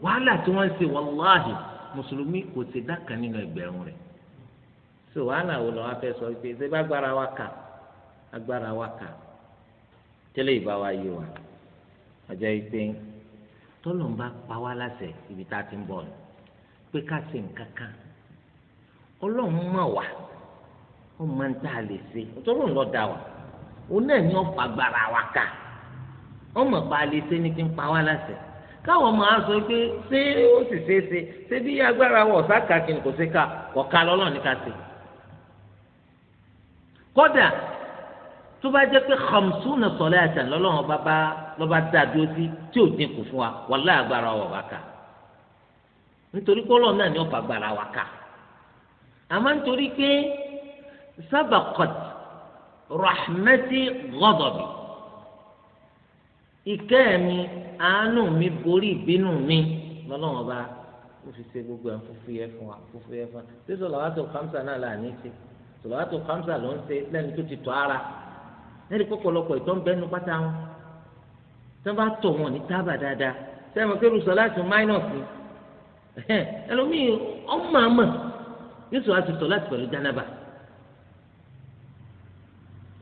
wàhálà tí wọ́n ń ṣe wàláhì mùsùlùmí kò ṣe dáka nínú ẹgbẹ̀rún rẹ̀ so wàhálà wo lọ́wọ́ fẹ́ sọ pé ṣé bá gbára wa kà agbára wa kà tẹ́lẹ̀ ìbá wa yé wa ọjọ́ ìpè tọ́lọ̀ ń bá pa wá láṣẹ ibi tá a ti ń bọ̀ ni pé ká ṣe nǹkan kan ọlọ́run mọ̀ wá ó máa ń tà lè ṣe ọtọ́rọ̀ ń lọ́ọ́ da wa òun náà ni ó fagbára wa kà ọmọ pa lè ṣe ni kí n pa wá láṣẹ káwọn ọmọ á sọ pé ṣé ó sì ṣe é ṣe ṣé bí agbára wọ ọ̀sáka kí n kò ṣe ká ọ̀ka lọ́lọ́ ní ká ṣe. kódà tó bá jẹ́ pé khamsuna sọ̀lẹ́ àti àlọ́lọ́wọ́n bá bá lọ́ba dá dúró sí tí ò dínkù fún wa wàláhì agbára wọ̀ wá ká nítorí kọ́lọ́ náà ni ọ̀pá agbára wá ká àmọ́ nítorí pé sabaqat rahmati ghadabi ìkẹ́ mi àánú mi borí ìbínú mi lọ́lọ́wọ́n bá ó fi ṣe gbogbo ẹ̀ fúfú yẹ fún wa fúfú yẹ fún wa ṣé sọlọ́wọ́tò khamsa náà là ní ṣe sọlọ́wọ́tò khamsa ló ń ṣe lẹ́nu tó ti tọ́ ara lẹ́nu pọ̀pọ̀lọpọ̀ ìtọ́ ń bẹnu pátá wọn tó bá tọ̀ wọn ní tábà dáadáa sẹ́mi kérù sọ láti máínọ̀sì ẹlòmíì ọmọ àmọ̀ yóò sọ láti sọ láti pẹ̀lú jánábà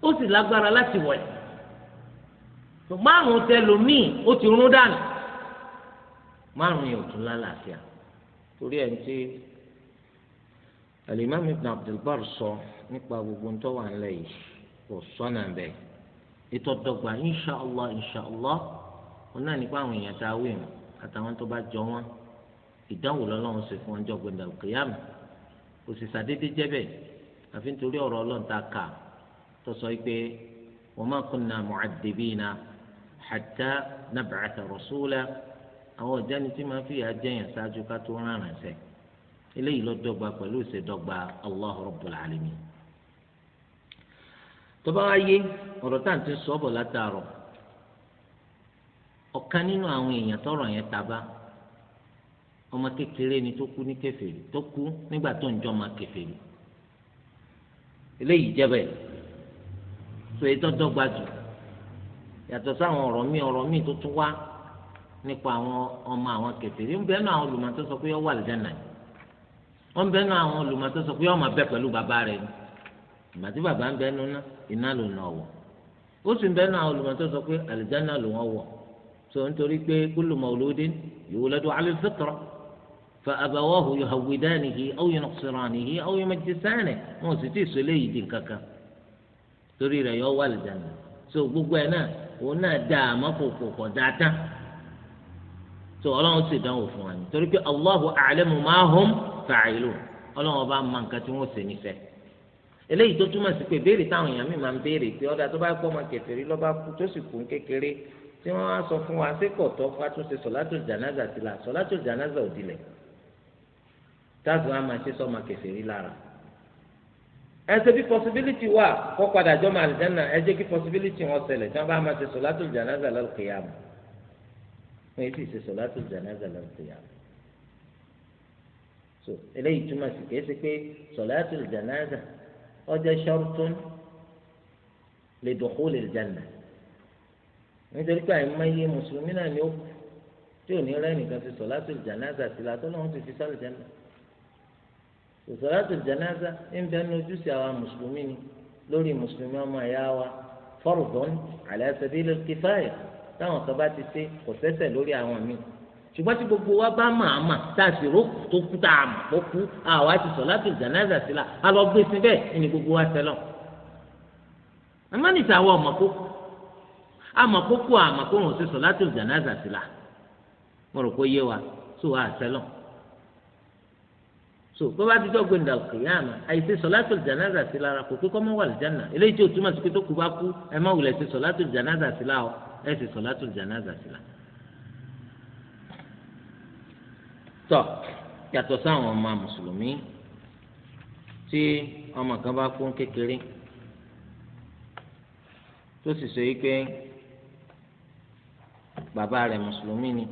ó sì lágbára láti wọ̀nyí tó márùn tẹlómìn ó ti rún dànù márùn yẹn ò tún lálàáfíà torí ẹ̀ ń tí alimami ibn abdulbar sọ nípa gbogbo ń tọ́wà ńlẹ̀ yìí kò sọ́nà bẹ́ẹ̀ ètò ọ̀dọ́gba inṣàlá inṣàlá wọn náà nípa àwọn èèyàn tá a wí mu àtàwọn tó bá jọ wọn ìdánwò lọ́lọ́run ṣe fún ọjọ́ gbẹ̀ndà kìyàmù kò sì sàdédé jẹ́ bẹ́ẹ̀ àfi nítorí ọ̀rọ̀ ọlọ́run tá a kà tó sọ pé wọ́n máa kunna mu'addibina. hàtà nàbàtà rọ̀ṣúlà àwọn ìjánu tí máa fi àjẹyàn ṣáájú ká tó rán àrànṣẹ́ eléyìí ló dọ́gba pẹ̀lú ìṣèdọ́gba allah rabbul alamin. tó bá wá yé ọ̀rọ̀ tá ti ka ninu àwọn èèyàn tọrọ yẹn taba ọmọ kékeré ni tó kú ní kefere tó kú nígbà tó ń jọ ọmọ eléyìí yàtọ̀ sáwọn ọ̀rọ̀ míì ọ̀rọ̀ míì tó tún wá nípa àwọn ọmọ àwọn kèfèrí ń bẹ́ẹ̀ náà àwọn olùmọ̀ tó sọ pé ó wà lẹ́nà yìí wọ́n ń bẹ́ẹ̀ náà àwọn olùmọ̀ tó sọ pé ó máa bẹ pẹ̀lú bàbá rẹ̀ ni ìgbà tí bàbá ń bẹ́ẹ̀ nu ná iná ló nà wọ̀ ó sì ń bẹ́ẹ̀ náà àwọn olùmọ̀ sọ pé àlìjáná ló wọ̀ tó nítorí torí rẹ̀ yọ wà àlìjáná so gbogbo ẹ̀ náà òun náà dá àmọ́ kò kò kò dá tán tó ọlọ́run sì dánwò fún wa ni torí pé Allahu a'lamu ma hum fa'ilun ọlọ́run ọba máa nǹkan tí wọ́n ṣe nífẹ̀ẹ́ eléyìí tó túmọ̀ sí pé béèrè táwọn èèyàn mi máa ń béèrè pé ọ̀dà tó bá pọ̀ máa kẹfẹ́ rí lọ́ba kú tó sì kú kékeré tí wọ́n á sọ fún wa sékò tó fa tó ṣe sọ̀látò jànáza ti la sọ̀látò jànáza òdìlẹ̀ táàbù wa máa ṣe sọ́ máa kẹfẹ́ rí lára ẹsẹ bí possibility wà kó padà jọ máa àlùjáná ẹ jẹ́ kí possibility wọn ṣẹlẹ̀ tí wọn bá máa ṣe solatul janaza lal qiyam wọn yìí sì ṣe solatul janaza lal qiyam so eléyìí túmọ̀ sí kìí ṣe pé solatul janaza ó jẹ́ shartun li dukhulil janna nítorí pé àyè máa yé mùsùlùmí náà ni ó tí ò ní rẹ́ nìkan ṣe solatul janaza sí la tó lọ́wọ́ ti fi sọ́lẹ̀ jẹ́nà sọ̀látù jánásà ń bẹ ní ojúṣe àwa mùsùlùmí ni lórí mùsùlùmí ọmọ ẹ̀yà wa fardun ala sabil al-kifaya táwọn kan bá ti ṣe kò sẹ́sẹ̀ lórí àwọn míì ṣùgbọ́n tí gbogbo wa bá máa mà tá a sì rókù tó kú tá a mà tó kú àwa ti sọ̀látù jánásà sí la a lọ gbé sí bẹ́ẹ̀ ni gbogbo wa tẹ́lọ̀ amánìtà wa ọmọ kó àmọ́ kókó àmọ́ wọn ò sí sọ̀látù jánásà sí la mo rò pé yé wa tó wà á tẹ́lọ̀ so bó bá ti jọ gbé ndàlùkì yá àná àìsè sọlátùl jànáza sí lára kò pé kọ́mọ́ wà lìjánà eléyìí tí o túmọ̀ sí pé tó kú bá kú ẹ má wulẹ̀ ṣe sọlátùl jànáza sí la ọ ẹ ṣe sọlátùl jànáza sí la. tọ yàtọ̀ sáwọn ọmọ mùsùlùmí tí ọmọ kan bá kú kékeré tó sì sọ yìí pé bàbá rẹ̀ mùsùlùmí ni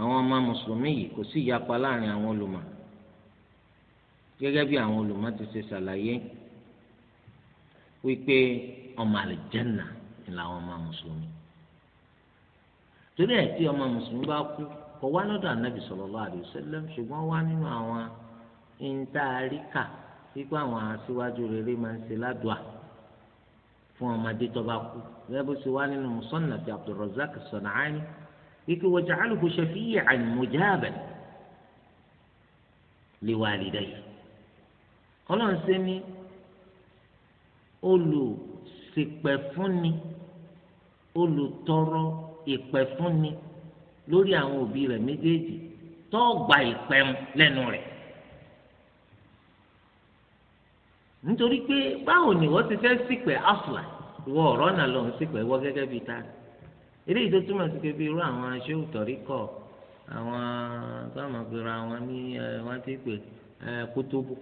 àwọn ọmọ mùsùlùmí yìí kò sí ìyapa láàrin àwọn olùmọ̀ gẹ́gẹ́ bí àwọn olùmọ̀ ti ṣe ṣàlàyé wípé ọmọ àlìjẹ́nà ni làwọn ọmọ mùsùlùmí torí ẹ̀ tí ọmọ mùsùlùmí bá kú kò wá lọ́dọ̀ ànábì sallallahu alaihi wasallam ṣùgbọ́n wá nínú àwọn ìntaríkà wípé àwọn aṣíwájú rere máa ń ṣe ládùá fún ọmọdé tó bá kú gẹ́gẹ́ bó ṣe wá nínú Musannaf Abdurrazzaq San'ani wípé waj'alhu shafi'an mujaban liwalidayhi ọlọ́run ṣe ní olùṣìpẹ̀fúnni olùtọrọ ìpẹ̀fúnni lórí àwọn òbí rẹ̀ méjèèjì tó gba ìpẹ̀m lẹ́nu rẹ̀ nítorí pé báwo ni wọ́n ti fẹ́ ṣìpẹ̀ afla ìwọ ọ̀rọ̀ náà lọ́n ṣìpẹ̀ wọ́ gẹ́gẹ́ bíi táà eléyìí tó túmọ̀ sí pé bí irú àwọn aṣọ ìtọ̀ríkọ̀ àwọn táwọn àgbèrè àwọn ní wọ́n ti pè kótóbù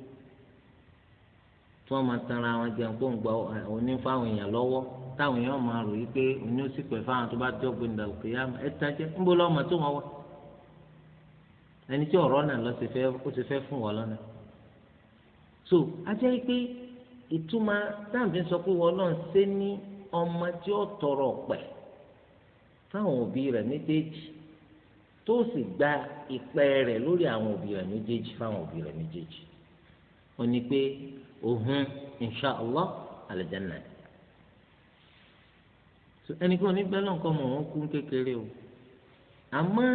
tí wọ́n máa tanra àwọn jẹun kó ń gba òní fáwọn èèyàn lọ́wọ́ táwọn èèyàn máa rò yí pé òní ó sì fáwọn tó bá yá ẹ so ajẹ́ pé ìtumọ̀ táǹfì sọ pé wọn náà ṣe ní ọmọ tí ó tọrọ sáwọn òbí rẹ̀ méjèèjì tó sì gba ìpẹ́ rẹ̀ lórí àwọn òbí rẹ̀ méjèèjì fáwọn òbí rẹ̀ méjèèjì ó ní pé òhun insha allah aljanna ẹni kí onígbẹ́ náà kọ́ mọ̀ wọ́n kún kékeré o àmọ́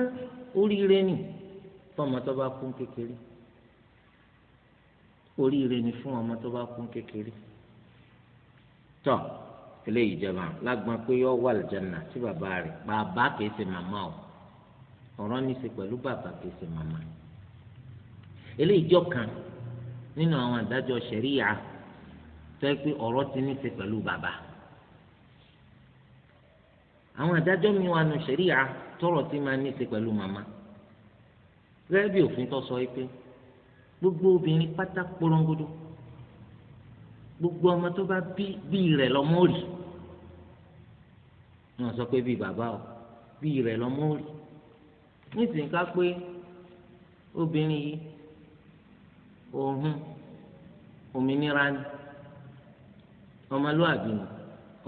oríire ni fún ọmọ tó bá kún kékeré oríire ni fún ọmọ tó bá kún kékeré tọ́. So, eléyìí jẹba lágbọn pé yọ wà lìjànà sí bàbá rẹ̀ bàbá kìí ṣe màmá o ọ̀rọ̀ ní í ṣe pẹ̀lú bàbá kìí ṣe màmá eléyìí jọ kan nínú àwọn àdájọ́ ṣẹríya tó yẹ pé ọ̀rọ̀ ti ní í ṣe pẹ̀lú bàbá àwọn àdájọ́ mi wà nù ṣẹríya tọrọ ti máa ní í ṣe pẹ̀lú màmá gẹ́gẹ́ bí òfin tó sọ yìí pé gbogbo obìnrin pátá polongodo gbogbo ọmọ tó bá bí bí rẹ̀ lọ́mọ náà sọ pé bíi bàbá o bíi rẹ̀ l'ọmọ ò rí nísìnyí ká pé obìnrin yìí òun òmìnira ni ọmọlúwàbí ni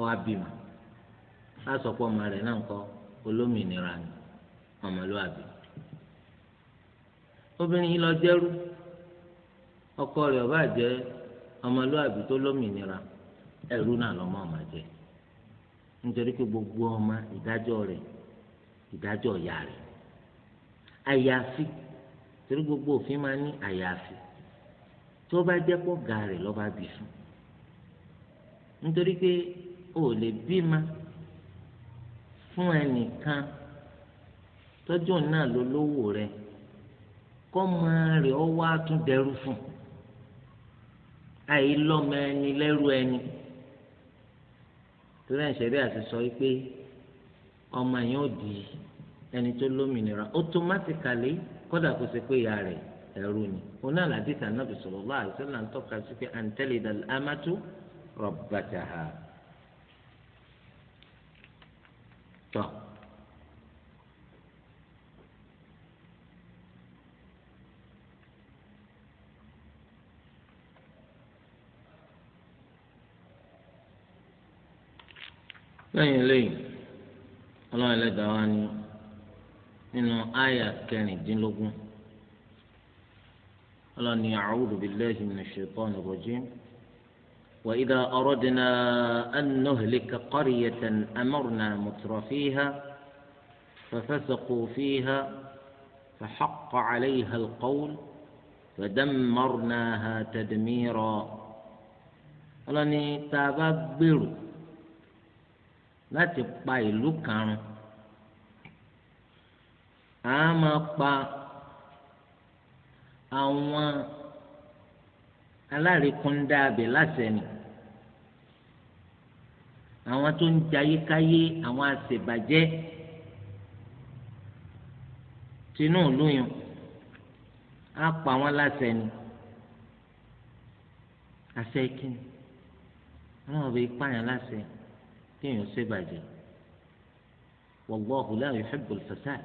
ọ̀àbìmọ lásọpọ̀ ọmọ rẹ̀ náà kọ́ olómìnira ni ọmọlúwàbí obìnrin lọ jẹ́rú ọkọ rẹ̀ ọba jẹ́ ọmọlúwàbí tó lómìnira ẹrú náà lọ́mọ ọmọ nítorí pé gbogbo ọmọ ìdájọ́ rẹ̀ ìdájọ́ àyàfi torí gbogbo òfin ní àyàfi tí ó bá ga rẹ lọba bí fún nítorí pé o ò lè bímọ fún ẹnìkan tọ́jú náà ló lówó rẹ̀ kọ́mọ rẹ̀ ọ wá tún dẹrú fún àìlọ́mọ ẹni lẹ́rú ẹni. torí ẹ̀ ṣẹ̀rí àti sọ pé ọmọ yẹn ò di ẹni tó lómìnira automatically kódà kó ṣe pé ìyá rẹ̀ ẹ̀rú ni òun náà làdìsí anábì sallallahu alaihi wasallam ń tọ́ka sí pé amatu lẹ́yìn lẹ́yìn ọlọ́run ẹlẹ́dàá wa ni nínú àyà kẹrìndínlógún ọlọ́run ni a'udhu billahi minash shaitanir rajim وإذا أردنا أن نهلك قرية أمرنا متر فيها ففسقوا فيها فحق عليها القول فدمرناها تدميرا ọlọ́ni tá a bá gbèrò láti pa ìlú karùn a máa pa àwọn alárekúndá abẹ láṣẹ ni àwọn tó ń jayékáyé àwọn àṣebàjẹ́ tinú lóyún á pa wọn láṣẹ àṣẹ kí ni wọn ò fi pààyàn láṣẹ kéèyàn ṣèbàjẹ́ wallahu la yuhibbul fasad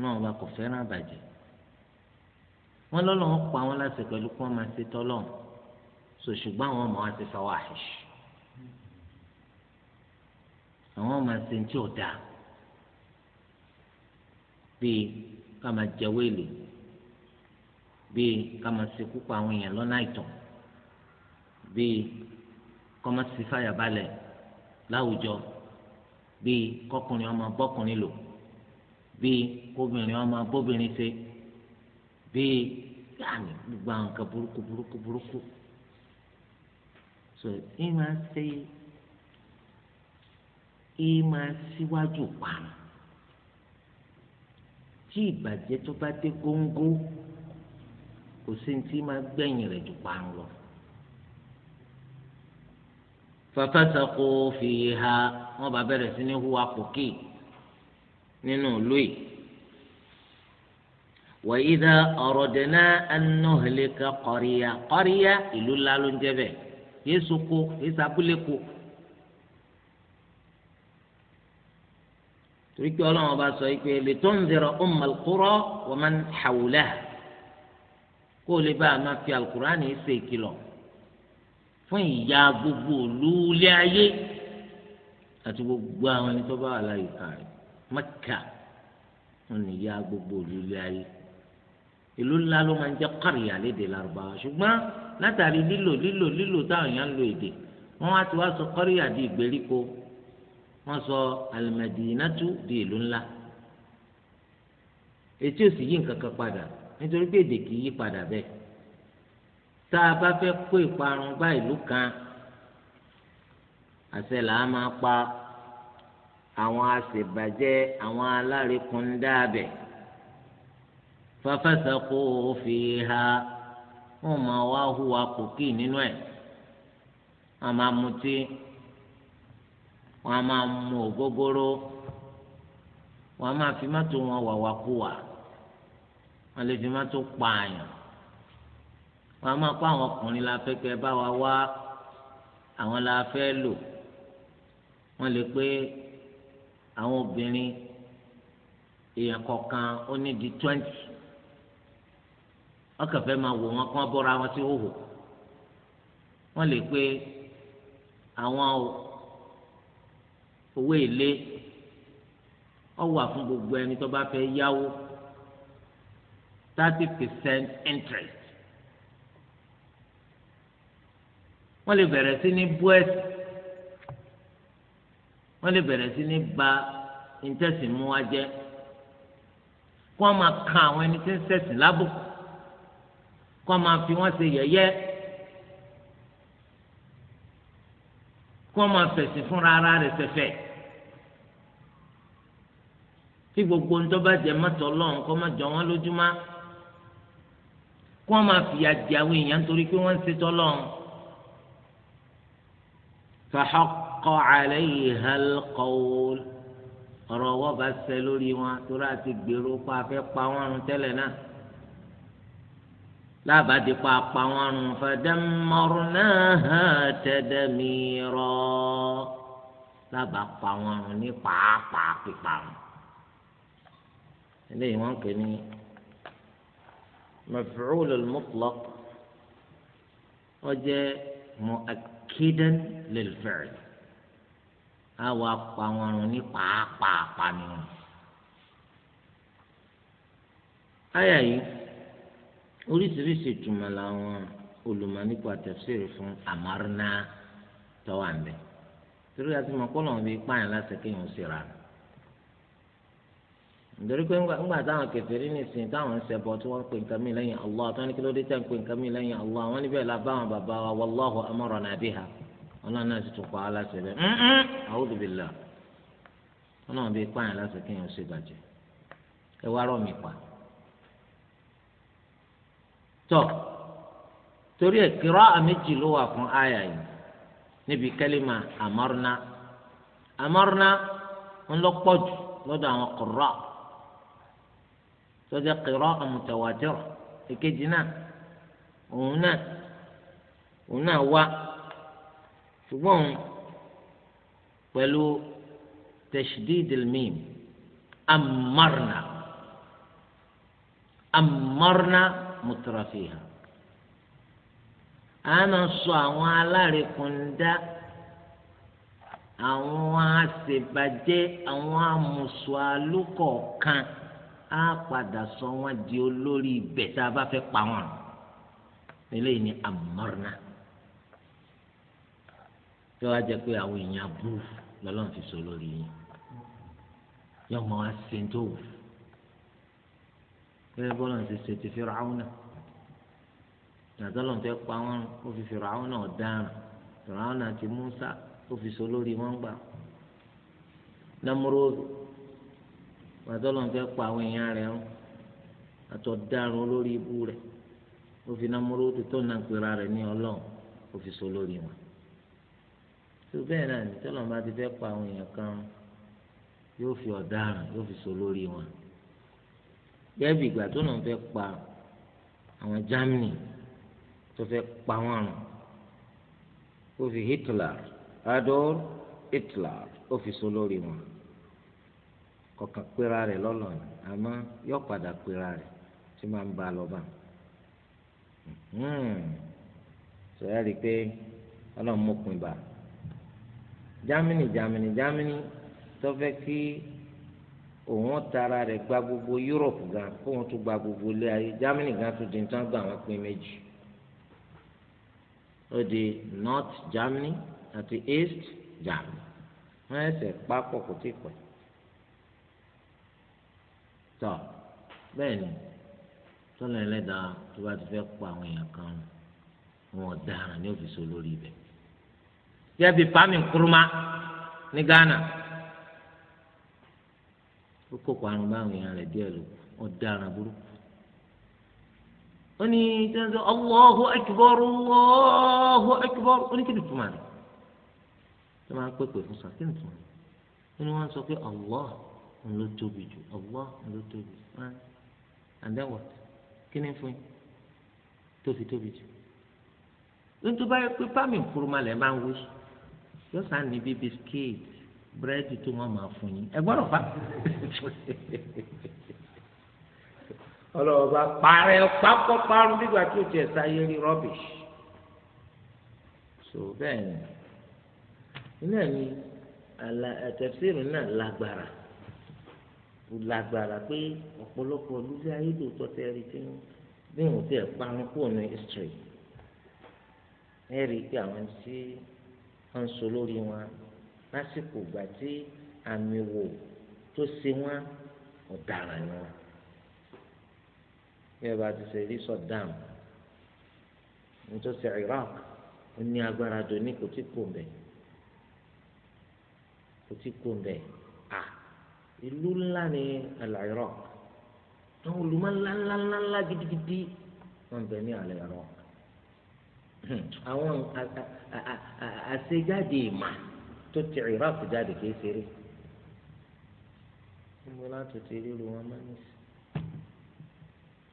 náà wọn kò fẹ́ràn àbàjẹ́ wọn lọ́lọ́run pa wọn láti pẹ̀lú kí wọ́n máa ṣe tọ́lọ́run so ṣùgbọ́n àwọn ọmọ wa ti fawahish àwọn ọmọ ṣe ń tí ò dáa bíi ká máa jẹ wéèlì bíi ká máa ṣekú pa àwọn èèyàn lọ́nà àìtọ́ bíi kọ́ máa ṣe fàyàbalẹ̀ láwùjọ bíi kọkùnrin ọmọ bọ́kùnrin lò bíi kóbìnrin ọmọ bóbìnrin ṣe bíi yáàni gbogbo àwọn nǹkan burúkú burúkú burúkú so ìmọ̀ ṣe ìmọ̀ síwájú parun tí ìbàjẹ́ tó bá dé góńgó kò sí ní tí máa gbẹ̀yìn rẹ̀ jù parun lọ fafasaqu fiha wọ́n bá bẹ̀rẹ̀ sí ní hùwà pòkì nínú ìlú yìí. wa idha aradna an nuhlika qarya qarya ìlú ńlá ló ń jẹ́ bẹ́ẹ̀ yéésù kó yéésù abúlé kó. torí pé ọlọ́run ọba sọ pé litunzira ummal qura wa man hawlaha kó o lè bá a máa fi alukur'ani ṣe ìkìlọ̀ fún ìyà gbogbo olúlé ayé àti gbogbo àwọn ẹni tó bá wà láyé ká rẹ̀ Mẹ́kà wọn ni ìyà gbogbo olúlé ayé ìlú ńlá ló máa ń jẹ́ kárìyà lédè Lárúbáwá ṣùgbọ́n látàrí lílò lílò lílò táwọn èèyàn ń lo èdè wọn wá ti wá sọ kárìyà di ìgbèríko wọn sọ alìmọdìyìnàtú di ìlú ńlá etí ò sì yí nǹkan kan padà nítorí pé èdè kì í yí padà bẹ́ẹ̀ tá a bá fẹ́ kó ìparun bá ìlú kan àṣẹ làá máa pa àwọn àṣebàjẹ́ àwọn alárekùn dáàbẹ̀ fafasaqu fiha wọn máa wá hùwà kòkì nínú ẹ̀ wọn máa mutí wọn máa mu ògógóró wọn máa fi mọ́tò wọn wàwákùwà wọn lè fi mọ́tò pààyàn wọn a máa kó àwọn ọkùnrin la fẹ́ kẹ́ bá wa wá àwọn la fẹ́ lò wọ́n lè pé àwọn obìnrin èèyàn kọ̀ọ̀kan ó ní di twenty wọ́n kàn fẹ́ máa wò wọ́n kán bọ́ra wọn sí hòhò wọ́n lè pé àwọn owó èlé ó wà fún gbogbo ẹni tó bá fẹ́ yáwó thirty percent interest wọ́n lè bẹ̀rẹ̀ sí ní bú ẹ̀sìn wọ́n lè bẹ̀rẹ̀ sí ní ba ìtẹ̀sìn mú wa jẹ́ kó wọ́n máa kan àwọn ẹni tí ń ṣẹ̀sìn lábùkù kó wọ́n máa fi wọ́n ṣe yẹ̀yẹ́ kó wọ́n máa fẹ̀sìn fúnra ara rẹ̀ ṣẹ̀fẹ̀ tí gbogbo ń tọ́ba jẹ mọ́tò ọlọ́run kó má jọ wọ́n lójúmọ́ kó wọ́n máa fìyà jẹ àwọn èèyàn nítorí pé wọ́n ń ṣe tọ́lọ́run. فحق عليها القول ọ̀rọ̀ ọwọ́ bá ṣẹ lórí wọn torí àti gbèrò pa afẹ́ pa wọ́n run tẹ́lẹ̀ náà lábàdí pa pa wọ́n run fadammarnaha tadmira lábàá pa wọ́n run ní pàápàá pípa run eléyìí wọ́n pè ní maf'ul al-mutlaq ó jẹ́ mu'akkad tọ̀kídẹ́n lẹ́lẹ́fẹ̀rẹ̀ á wàá pa wọn run ní pàápàá panirun. àyà yìí oríṣiríṣi ìtumọ̀ làwọn olùmọ̀ nípa tẹ̀síìrì fún àmárínà tọ́wà ń bẹ̀ torí àti mọ̀kọ́ lọ́wọ́ bíi pààyàn láti kéèyàn ó ra nù. nítorí pé ńgbà táwọn kèfèrí nìsín táwọn ń ṣẹbọ tí wọ́n ń pè nǹkan mi lẹ́yìn Allah tó ní kí ló dé tẹ̀ ń pè nǹkan mi Allah níbẹ̀ la bá wọn bàbá wa wallahu amarana biha ọlọ́run náà sì tún pa á láṣẹ bẹ́ẹ̀ a'udhu billah ọlọ́run bíi pààyàn láṣẹ kéèyàn ṣe bàjẹ́ ẹ wá rọ̀ mí pa. tọ́ torí ẹ̀ kírọ́ àméjì ló wà fún àyà yìí níbi kẹ́límà amarna amarna lọ́dọ̀ àwọn tọ́jà qira'a mutawatirah èkejì náà òun náà òun náà wá ṣùgbọ́n pẹ̀lú tashdidil mim amarna amarna a nà sọ àwọn alárekùndá àwọn àṣebàjẹ́ àwọn amùsùn kan. á padà sọ wọn di olórí ibẹ̀ tá a bá fẹ́ pa wọn nílé ní amọrìnà tí wọn á jẹ pé àwọn èèyàn bú lọ́lọ́run fi sọ lórí yín yóò mọ wá sí tó wù kílẹ̀ bọ́lá ń ṣe ti fi ràwọn náà nàdọ́lọ́ fẹ́ pa wọn ó fi fi ràwọn náà dáràn ràwọn náà ti Mùsá ó fi sọ lórí wọn gbà Námúròdù gbàdọ́lọ́ fẹ́ pa àwọn èèyàn rẹ̀ rún àtọ̀daràn olórí ibú rẹ̀ ó fi námúró tó náà pera rẹ̀ ní ọlọ́run ó fi so lórí wọn. tó bẹ́ẹ̀ náà ní tọ́lọ́ bá ti fẹ́ pa àwọn èèyàn kan yóò fi ọ̀daràn yóò fi so lórí wọn. bẹ́ẹ̀ bí ìgbà tó náà fẹ́ pa àwọn Germany tó fẹ́ pa wọn rùn ó Hitler Adolf Hitler ó fi so lórí wọn kọkàn péra rẹ̀ lọlọ ni àmọ́ yọ padà péra rẹ̀ tí máa ń ba lọ bá sọyà hmm. rí i pé Ọlọ́run mọkùn ibà Jámánì Jámánì Jámánì tó fẹ́ kí òun tara rẹ̀ gba gbogbo Yúròpù gan kóun tún gba gbogbo ilé ayé Jámánì gan tún di nǹkan gba àwọn pin méjì ó di North Germany àti East Germany wọ́n ẹsẹ̀ pápọ̀ kò tí ì pẹ́ tọ bẹ́ẹ̀ ni tọ́lá ẹlẹ́dàá tó bá ti fẹ́ pa àwọn èèyàn kan wọn ọ̀daràn ní òfìsọ lórí ibẹ̀. yẹ́bi pami nkuruma ní Ghana ó kópa àrùn bá àwọn èèyàn rẹ̀ díẹ̀ lò ọ̀daràn burúkú. ó ní tẹ́lẹ̀ Allahu Akbar Allahu Akbar ó ní kí ni tuma rẹ̀ tó máa ń pèpè fún sọ kí ni tuma rẹ̀ ó wọ́n sọ pé Allah ló tóbi jù Allah ló tóbi fine and then what kí ni fún yín tó fi tóbi jù nítorí báyìí pé pámi nkuruma lẹ máa ń wí yóò sàn ní bí bisikíìtì búrẹ́dì tó wọ́n máa fún yín ẹ gbọ́dọ̀ pa ọlọ́ọ̀bá parẹ́ pákó parun nígbà tí o tiẹ̀ sáyé rí rubbish so bẹ́ẹ̀ ni ilé mi àlà tafsir náà lágbára lágbára pé ọ̀pọ̀lọpọ̀ lójú ayédòótọ́ tẹ́ ẹ rí tí bí wọ́n ti ẹ̀ parun kúrò ní history ẹ rí i pé àwọn tí wọ́n ń so lórí wọn lásìkò ìgbà tí àmì wò tó ṣe wọn ọ̀daràn ni wọn bí ẹ bá ti ṣe rí Saddam nítorí Iraq ó ní agbára dòní kò tí kò mbẹ kò tí kò mbẹ ìlú ńlá ni al-Iraq àwọn olùmọ̀ ńlá ńlá ńlá ńlá gidigidi wọn bẹ ní al àwọn àṣejáde ìmọ̀ tó ti Iraq jáde kìí ṣeré níbo láti ti ríru wọn máa ní sí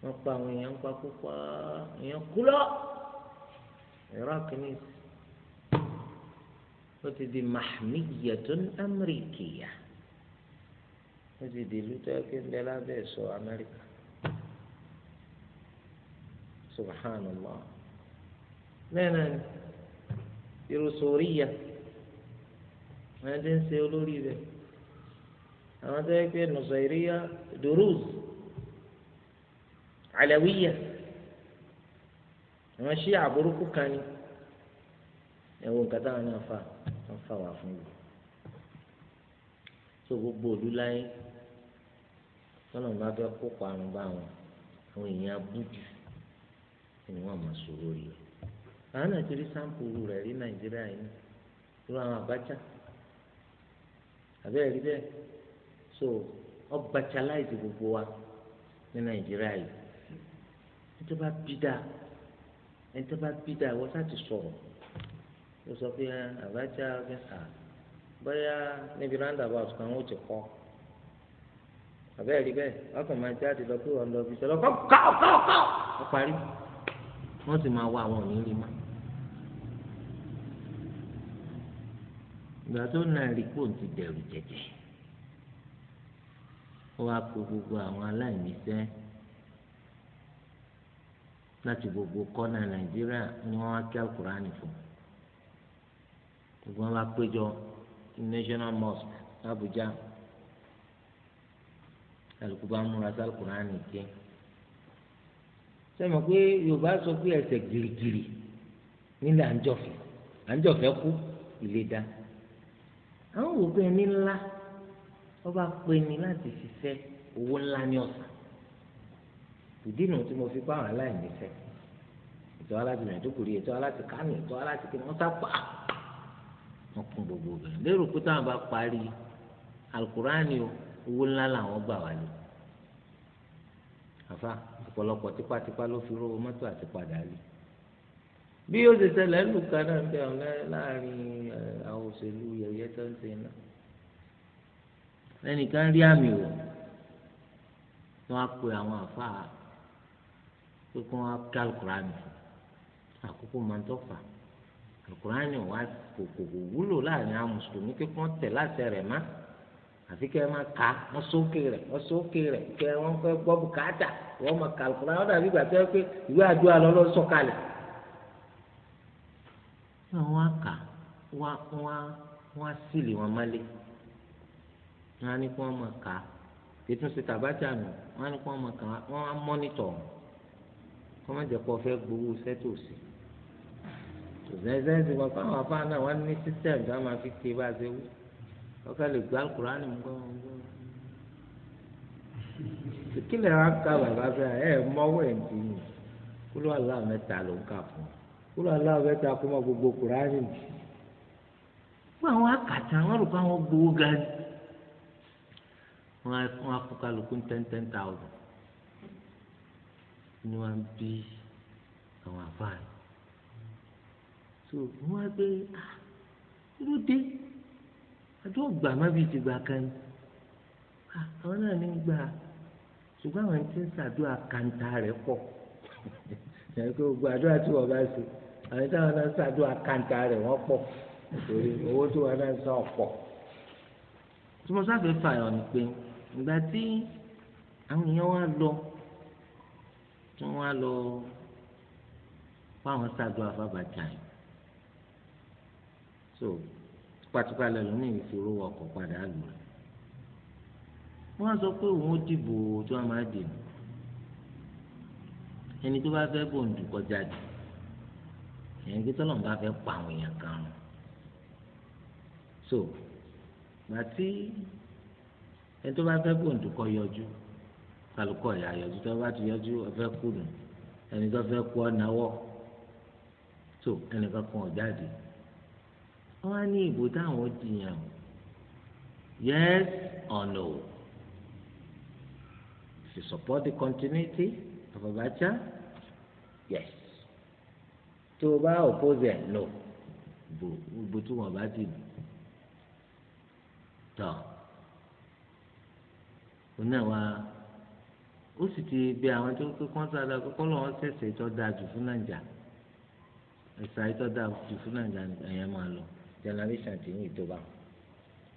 wọn pa àwọn èèyàn pa púpọ̀ èèyàn kú lọ Iraq ní sí ó ti di mahmiyatun amrikiya ó ti dìlú tó yẹ kí ń bẹ lábẹ́ ìsọ amẹ́ríkà subhanallah bẹ́ẹ̀ náà ni irú sòríyà wọ́n ti ń ṣe olórí rẹ̀ àwọn tó yẹ kí nùsọ̀ríyà duruz alawiya àwọn ṣí àbúrúkú kan ni ẹ wo nǹkan táwọn wọ́n fà wá fún yìí tó gbogbo òdú láyé. tọ́lọ̀ bá fẹ́ kó parun bá wọn àwọn èèyàn abújú ni wọ́n mọ̀ sọ̀rọ̀ yìí àwọn náà ti rí sáǹpùlù rẹ̀ rí nàìjíríà yìí irú àwọn so láìsí gbogbo wa ní nàìjíríà yìí ẹni tó bá bí dáa ẹni tó bá bí wọ́n sọ̀rọ̀ ó sọ pé ah, abacha ah, bóyá níbi kan ó ti kọ́. àbẹ́ẹ̀ rí bẹ́ẹ̀ ọkàn máa jáde lọ pé wọ́n lọ fi sọ́lọ́ kọ́ káwọ́ káwọ́ ọ parí wọ́n sì máa wá àwọn òní rí ma. ìgbà tó nà ti dẹ̀rù jẹ̀jẹ̀ ó wá pe gbogbo àwọn láti gbogbo kọ́nà nàìjíríà ni wọ́n wá kí alukurani fún gbogbo wọn bá péjọ national mosque kálukú bá múra sálùkùránì ké sẹ́mi pé yorùbá sọ pé ẹsẹ̀ girigiri nílẹ̀ àńjọ̀fẹ́ àńjọ̀fẹ́ kú ìléda àwọn òògùn ẹni ńlá wọ́n bá pè ní láti ṣiṣẹ́ owó ńlá ní ọ̀sán ìdí nu tí mo fi bá àwọn aláìní fẹ́ ètò aláti nàìjíríà ètò aláti kánò ètò aláti kí wọ́n sápá wọ́n kún gbogbo obìnrin lérò pé táwọn bá parí alukurani o owó ńlá làwọn gbà wá ní àfa ọ̀pọ̀lọpọ̀ tipátipá ló fi rówó mọ́tò àti padà rí bí ó ṣe ṣẹlẹ̀ ń lù ká náà ń bẹ àwọn láàrin àwọn òṣèlú yẹ̀yẹ́ tó ń ṣe náà ẹnìkan rí àmì wò wọn á pe àwọn àfa pé kí wọn á ká alukurani àkókò máa ń tọ́fà alukurani wà kò wúlò láàrin àwọn mùsùlùmí kí wọ́n tẹ̀ láti rẹ̀ máa àfi kẹ́ ẹ máa kà á wọ́n sókè rẹ̀ wọ́n sókè rẹ̀ kẹ́ wọ́n fẹ́ gbọ́ bùkátà wọ́n máa kà lùkùnrin àwọn dàbí ìgbà tẹ́ pé ìwé àdúrà lọ́lọ́ sọ̀kalẹ̀. wọ́n á kà wọ́n á wọ́n á sílì wọn mọ́lé wọ́n á ní kí wọ́n máa kà á tètè ṣe tàbátà nù wọ́n á ní kí wọ́n máa kà á á mọ́nítọ̀ wọn má jẹ́ pé ọ gbowó sẹ́tò sí i. òṣèlú ẹ̀sẹ̀ ń sìn wọn fáwọn afáàná wọn ní sísẹ̀mù wọ́n fẹ́ lè gbá alukur'an ní nǹkan kílẹ̀ wa ká bàbá fẹ́ ẹ mọ́wọ́ ẹ̀ ń tì yín kúlọ̀ aláàmẹ́ta ló ń kà fún kúlọ̀ aláàmẹ́ta kó mọ gbogbo kur'an ní fún àwọn akàtà wọn rò pé àwọn gbowó ga ni wọn á fún kálukú ten ten thousand ni wọn bí àwọn àfáà so wọn á gbé ah irú dé àdó ògbà má bíi ti gbà kan ni àwọn náà ní gbà ṣùgbọ́n àwọn tí ń ṣàdúrà kàńtà rẹ̀ pọ̀ ẹ̀rọ pé gbogbo àdúrà tí wọ́n bá ṣe àwọn táwọn náà ń ṣàdúrà kàńtà rẹ̀ wọ́n pọ̀ torí owó tí wọ́n náà ń san ọ̀pọ̀. tí mo sábẹ́ fààyàn ni pé ìgbà tí àwọn èèyàn wá lọ tí wọ́n wá lọ fáwọn ṣàdúrà fábàjá yìí so tipátipá lẹ́lọ́mì ìṣòro ọkọ̀ padà lù rẹ̀ wọ́n sọ pé òun ó dìbò tí wọ́n máa dìbò ẹni tó bá fẹ́ bòǹdù kọjá jù ẹni tó tọ́lọ̀ bá fẹ́ pa àwọn èèyàn kan rùn so gbàtí ẹni tó bá fẹ́ bòǹdù kọ yọjú kálukọ̀ yà yọjú tó bá ti yọjú ọ̀fẹ́ kùnú ẹni tó fẹ́ kú ọ̀nàwọ̀ so ẹnì kan kan ọ̀ jáde wọ́n á ní ìbò táwọn jiyàn yes or no to support the continuity of Abacha yes tó o bá oppose ẹ̀ no ìbò tí wọ́n bá ti tọ̀ onáwa ó sì ti bẹ àwọn tó kó kọ́ńtà dá kọ́kọ́ lọ́wọ́ ṣẹ̀ṣẹ̀ tó dáa jù fún nàìjà ẹ̀ṣà tó dáa jù fún nàìjà ẹ̀yẹn máa lọ generation ti ní ìjọba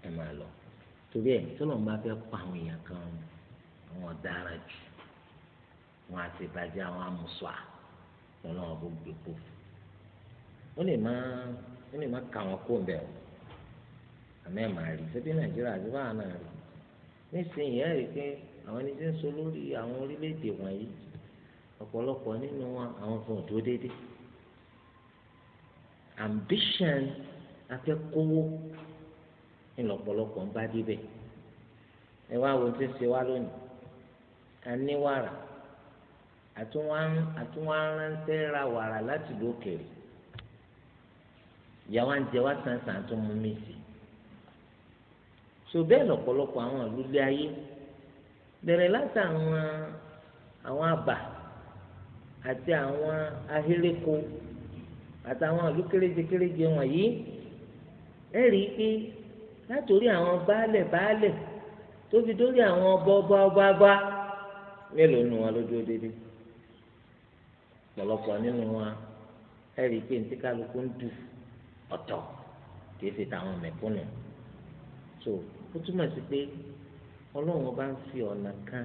ẹ máa lọ torí ẹ tọ́lọ́mù bá fẹ́ pa àwọn èèyàn kan àwọn ọ̀daràn jù wọn àti ìbàjẹ́ àwọn amùsùà lọ́lọ́wọ́ bó gbogbo ó lè má ó lè má ka wọn kó bẹ́ẹ̀ o àmọ́ ẹ̀ máa rí sẹ́bí nàìjíríà àti báwa náà rí nísìnyí ẹ̀ rí pé àwọn ẹni tí ń so lórí àwọn orílẹ̀-èdè wọ̀nyí ọ̀pọ̀lọpọ̀ nínú wọn àwọn fún òdó déédéé ambition afẹ́ kówó ńlọ pọ̀lọpọ̀ ń bá débẹ̀ ẹ wá wo tí ń ṣe wá lónìí a ní wàrà àtúnwá ránṣẹ́ ra wàrà láti ìlú òkèèrè ìyàwó ń jẹ wá sàǹsàn tó mú mi sí so bẹ́ẹ̀ lọ́pọ̀lọpọ̀ àwọn ìlúlé ayé bẹ̀rẹ̀ láti àwọn àwọn àbà àti àwọn ahéreko àtàwọn ìlú kéréje kéréje wọ̀nyí ẹ rí i pé látòrí àwọn baálẹ̀ baálẹ̀ tó fi dórí àwọn ọba ọba ọba ọba mélòó nu wọn lójú dédé pọ̀lọpọ̀ nínú wọn ẹ rí i pé ntí kálukú ń dù ọ̀tọ̀ kìí ṣe tàwọn mẹ̀kúnnù so ó túmọ̀ sí pé ọlọ́run bá ń fi ọ̀nà kan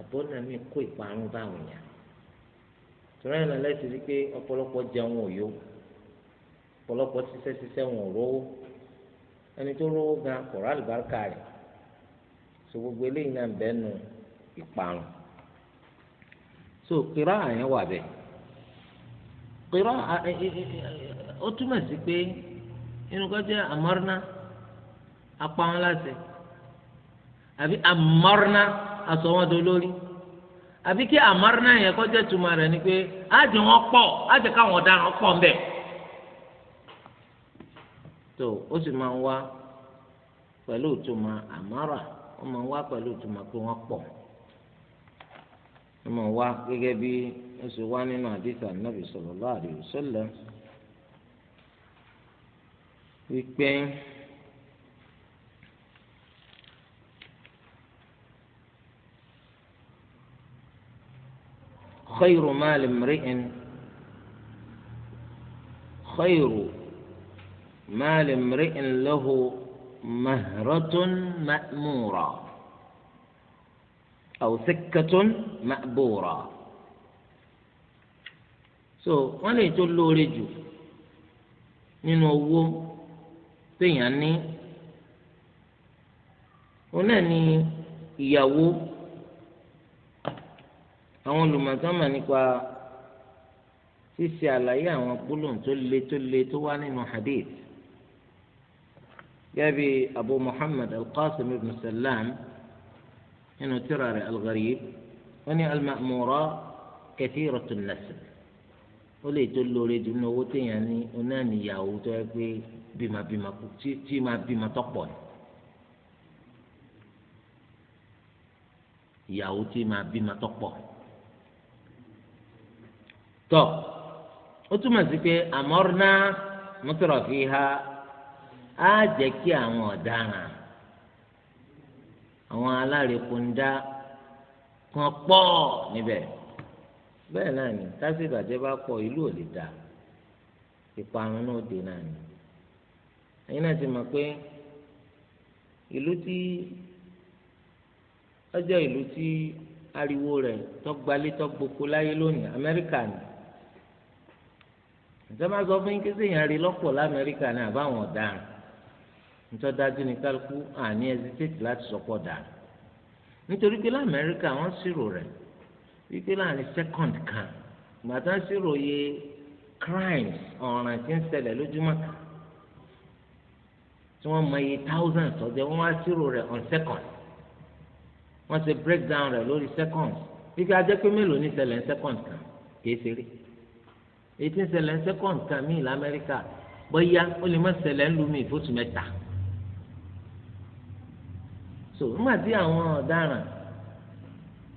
àbọ̀nà mi kó ìparun báwọn yàn torí ẹ̀ náà lẹ́sìn rí i pé ọ̀pọ̀lọpọ̀ jẹun òyò ọ̀pọ̀lọpọ̀ ṣiṣẹ́ ṣiṣẹ́ wọn ò rówó ẹni tó rówó gan kọ̀ọ̀rọ̀ àlùbáríkà rẹ̀ so gbogbo eléyìí náà bẹ́ẹ̀ nu ìparun so kíra àyẹn wà bẹ́ẹ̀ kíra ó túmọ̀ sí pé inú kan jẹ́ amọ́rná apá wọn láti àbí amọ́rná aṣọ wọn dolórí àbí kí amọ́rná yẹn kọjá túmọ̀ rẹ̀ ni pé àjẹ wọn pọ̀ àjẹ káwọn ọ̀daràn pọ̀ ń bẹ́ẹ̀ tó ó sì máa ń wá pẹ̀lú ìtumọ̀ àmárà ó máa ń wá pẹ̀lú ìtumọ̀ pé wọ́n pọ̀ ó máa ń wá gẹ́gẹ́ bí ó sì wá nínú àdìsá nàbì sallallahu alaihi wasallam wípé khayru mali mri'in khayru. ما لامرئ له مهرة مأمورة أو سكة مأبورة so wọ́n lè tó lóore jù nínú owó téèyàn ní òun náà ní ìyàwó àwọn olùmọ̀tánmà nípa ṣíṣe àlàyé àwọn gbólóhùn tó le tó le tó wá nínú hadith يبي أبو محمد القاسم بن سلام إنه ترى الغريب أن المأمورة كثيرة النسل ولي تلو لي دنو يعني أناني ياو تاكي بما بما تيما بما تقبل ياو تيما بما تقبل طب أتو مزيكي أمرنا نترى فيها á jẹ́ kí àwọn ọ̀daràn àwọn alárekúndá kan pọ̀ níbẹ̀ bẹ́ẹ̀ náà ni tásì ìbàjẹ́ bá pọ̀ ìlú ò lè dà ìparun náà dé náà ni ẹ̀yin náà ti mọ̀ pé ìlú tí ọjọ́ ìlú tí ariwo rẹ̀ tọ́gbalé tọ́gboko láyé lónìí Amẹ́ríkà ni ìjọba sọ fún kí sèyàn rí lọ́pọ̀ lamẹ́ríkà ni àbáwọn ọ̀daràn nítorí dájú ní kálukú àní ẹsitéètì láti sọpọ̀ dà nítorí pé lamẹ́ríkà wọ́n ṣírò rẹ̀ wípé láàrin second kan gbàtà ṣírò yẹ crimes ọ̀ràn tí ń ṣẹlẹ̀ lójúmọ́ kan tí wọ́n mọ iye thousands ọ̀jẹ̀ wọ́n wá ṣírò rẹ̀ on second wọ́n ṣe breakdown rẹ̀ lórí seconds wípé ajẹ́ pé mélòó ní ṣẹlẹ̀ ń second kan kìí ṣeré èyí ń ṣẹlẹ̀ ń second kan míì lamẹ́ríkà bóyá ó lè má ṣẹlẹ̀ ń lu mi ìfóṣù mẹ́ta so nígbà tí àwọn ọ̀daràn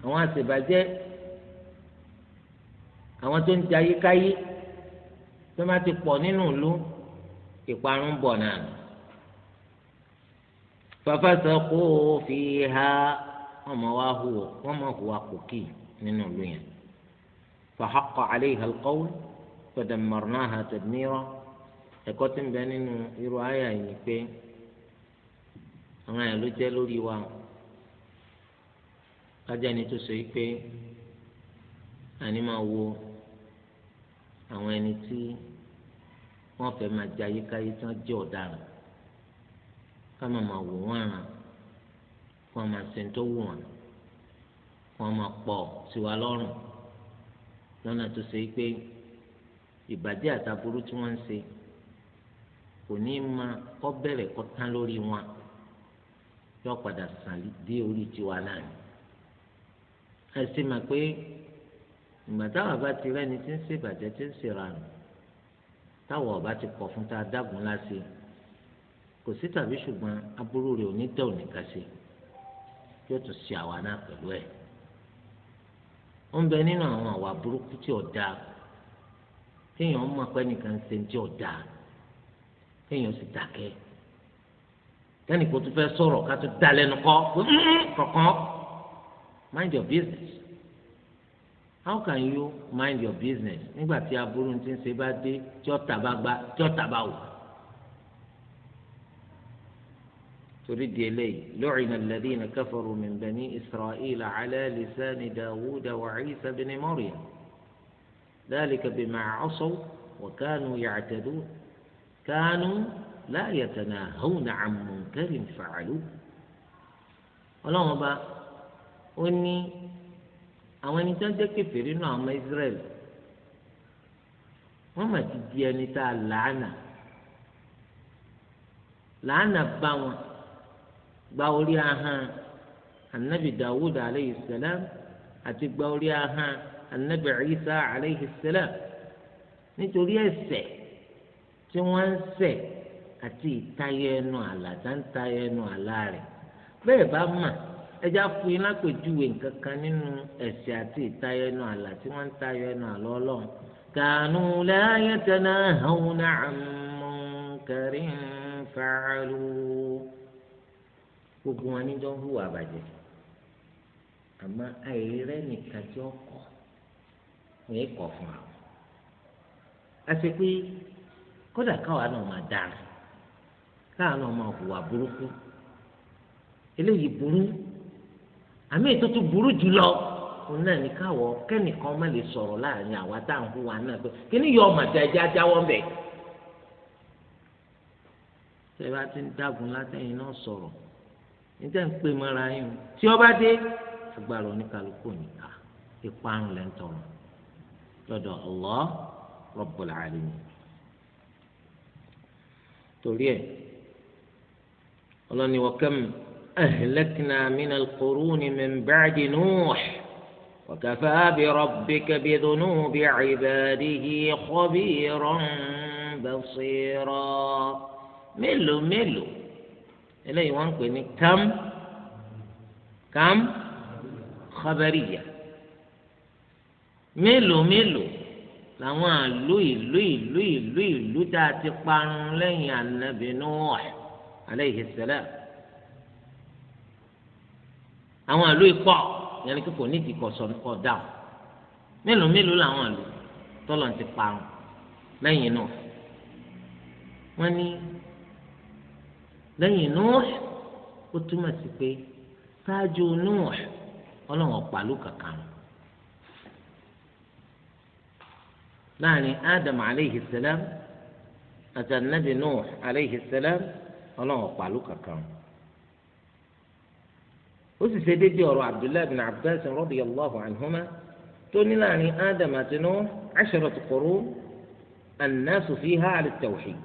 àwọn àṣebàjẹ́ àwọn tó ń ti ayékáyé tó má ti pọ̀ nínú ìlú ìparun bọ̀ náà fafasaqu fiha wọn mọ wá hu wọn mọ hu àpòkì nínú ìlú yẹn fahaqqa alayha alqawl fadammarnaha tadmira ẹ̀kọ́ tí ń bẹ nínú irú àyà yìí pé àwọn àyàn ló jẹ́ lórí wa kájà ni tó sọ yìí pé àní máa wo àwọn ẹni tí wọ́n fẹ́ máa jẹ ayékáyé tí wọ́n jẹ́ ọ̀daràn ká máa máa wò wọ́n àràn kó wọ́n máa sẹ́ni tó wọ́n kó wọ́n máa pọ̀ sí wa lọ́rùn lọ́nà tó ṣe pé ìbàjẹ́ àtàbúrú tí wọ́n ń ṣe kò ní máa kọ́ bẹ̀rẹ̀ kọ́ tán lórí wọn. yóò padà sàn dé orí tiwa náà ni ẹ sì mà pé ìgbà táwọn àbá ti rẹ́ni tí ń ṣèbàjẹ́ tí ń ṣèrànù táwọn ọba ti kọ̀ fún ta dágun láṣẹ kò sí tàbí ṣùgbọ́n aburú yóò tún ṣe àwa náà pẹ̀lú ẹ̀ ó ń bẹ nínú àwọn àwa burúkú tí ọ̀dà mọ̀ pé nìkan ṣe ń tí ọ̀dà kẹ́ni kò tún fẹ́ sọ̀rọ̀ ká tún da lẹ́nu kọ́ kọ̀kan mind your business how can you mind your business nígbà tí aburú ti ń ṣe bá dé tí ó tàbá gbá tí ó tàbá wò. torí di eléyìí lu'ina alladhina kafaru min bani isra'ila ala lisani dawuda wa isa bin maryam dhalika bima asaw wa kanu ya'tadun kanu. لا يتناهون عن منكر فعلوه ọlọ́run ọba ó ní àwọn ẹni tó ń jẹ́ kèfèrí nínú àwọn ọmọ Israẹli wọ́n mà ti di ẹni tá a làánà làánà bá wọn gba orí ahọ́n anabi Dawud aleyhi salam àti gba orí ahọ́n anabi Isa aleyhi salam nítorí ẹ̀ṣẹ̀ tí wọ́n ń ṣẹ̀. àti ìtayọ ẹnu àlà tá ń tayọ ẹnu àlà rẹ̀ bẹ́ẹ̀ bá mà ẹjá fún yín lápèjúwe nǹkan kan nínú ẹ̀ṣẹ̀ àti ìtayọ ẹnu àlà tí wọ́n ń tayọ ẹnu àlọ́ ọlọ́run kanu la yatanahawna an munkarin fa'alu gbogbo wọn níjọ ń hùwà bàjẹ́ àmọ́ àìrẹ́ nìkan tí ó kọ̀ ní kọ̀ fún àwọn àti pé kódà káwa náà máa dára. káàánú ọmọ hùwà burúkú eléyìí burú àmì ètùtù burú jùlọ òun náà ní káwọ kẹ́nìkan má lè sọ̀rọ̀ láàrin àwa tá à ń hùwà náà pé yọ ọmọ àtẹjá jáwọ́ ṣé bá ti ń dágun látẹ̀yìn náà sọ̀rọ̀ níta ń pè mọ́ra yín tí ọba dé agbára oníkàlùkù nìka lẹ́ ń tọrọ lọ́dọ̀ torí ẹ̀. الله وكم أهلكنا من القرون من بعد نوح وكفى بربك بذنوب عباده خبيرا بصيرا ملو ملو إلي وانكني كم كم خبرية ملو ملو لوان لوي لوي لوي لوي لوي تاتي قانون لن يعنى بنوح aleyhi sẹlẹ àwọn àlù ìpọ yẹn kí kò nídìí kọ sọnùkọ dáhùn mélòó mélòó làwọn àlù tọlọ ti parun lẹ́yìn náà wọn ní lẹ́yìn náà ó túmọ̀ sí pé ṣáájú náà ọlọ́run ọ̀pàlú kankan láàrin adam aleyhi sẹlẹm àti anabi náà aleyhi sẹlẹm. ọlọ́run pàlú kankan ó sì ṣe déédé ọ̀rọ̀ abdullahi bin abbas radiyallahu anhuma tó ní láàrin adam àti nù asharatu qurun annasu fiha ala tawhid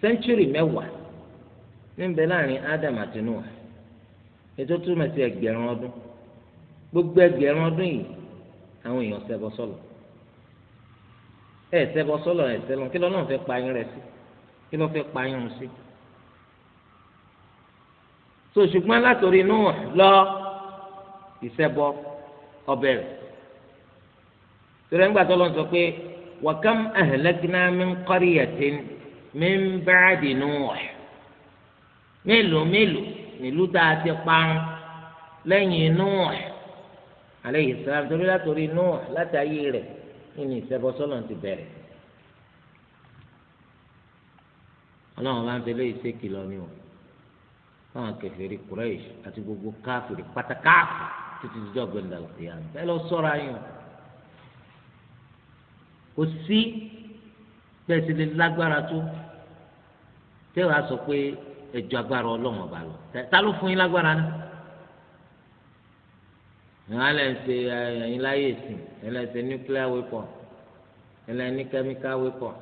sẹ́ńtúrì mẹ́wàá níbẹ̀ láàrin adam àti nù ètò túmọ̀ sí ẹgbẹ̀rún ọdún gbogbo ẹgbẹ̀rún ọdún yìí àwọn èèyàn kí lọ́nà fẹ́ pa kí ló fẹ́ pa irun sí. so ṣùgbọ́n látòrí Nuh lọ ìṣẹ́bọ ọbẹ̀ rẹ̀ torí ẹgbà tó lọ sọ pé wa kam ahlakna min qaryatin min ba'di Nuh mélòó mélòó nílùú tá a ti parun lẹ́yìn Nuh alayhi salam torí látòrí Nuh látàyè rẹ̀ nínú ìṣẹ́bọ sọ́lọ́n ti bẹ̀rẹ̀. ọlọ́run bá ń fẹlẹ́ ìṣe kìlọ̀ ni o fáwọn kèfèrí kúrẹ́ẹ̀ṣì àti gbogbo káfìrí pátákáfì títí dídí ọ̀gbẹ́ndà lọ́kìyàmù ẹ lọ sọ́ra yín o kò sí bẹ́ẹ̀ sì lè lágbára tó tẹ́wàá sọ pé ẹjọ́ agbára ọlọ́run ọba lọ ta ló fún yín lágbára náà ìhàn lẹ́ ń ṣe ẹ̀yìn láyé ìsìn ẹ̀ lẹ́ ń ṣe nuclear weapon ẹ̀ lẹ́ ní chemical weapon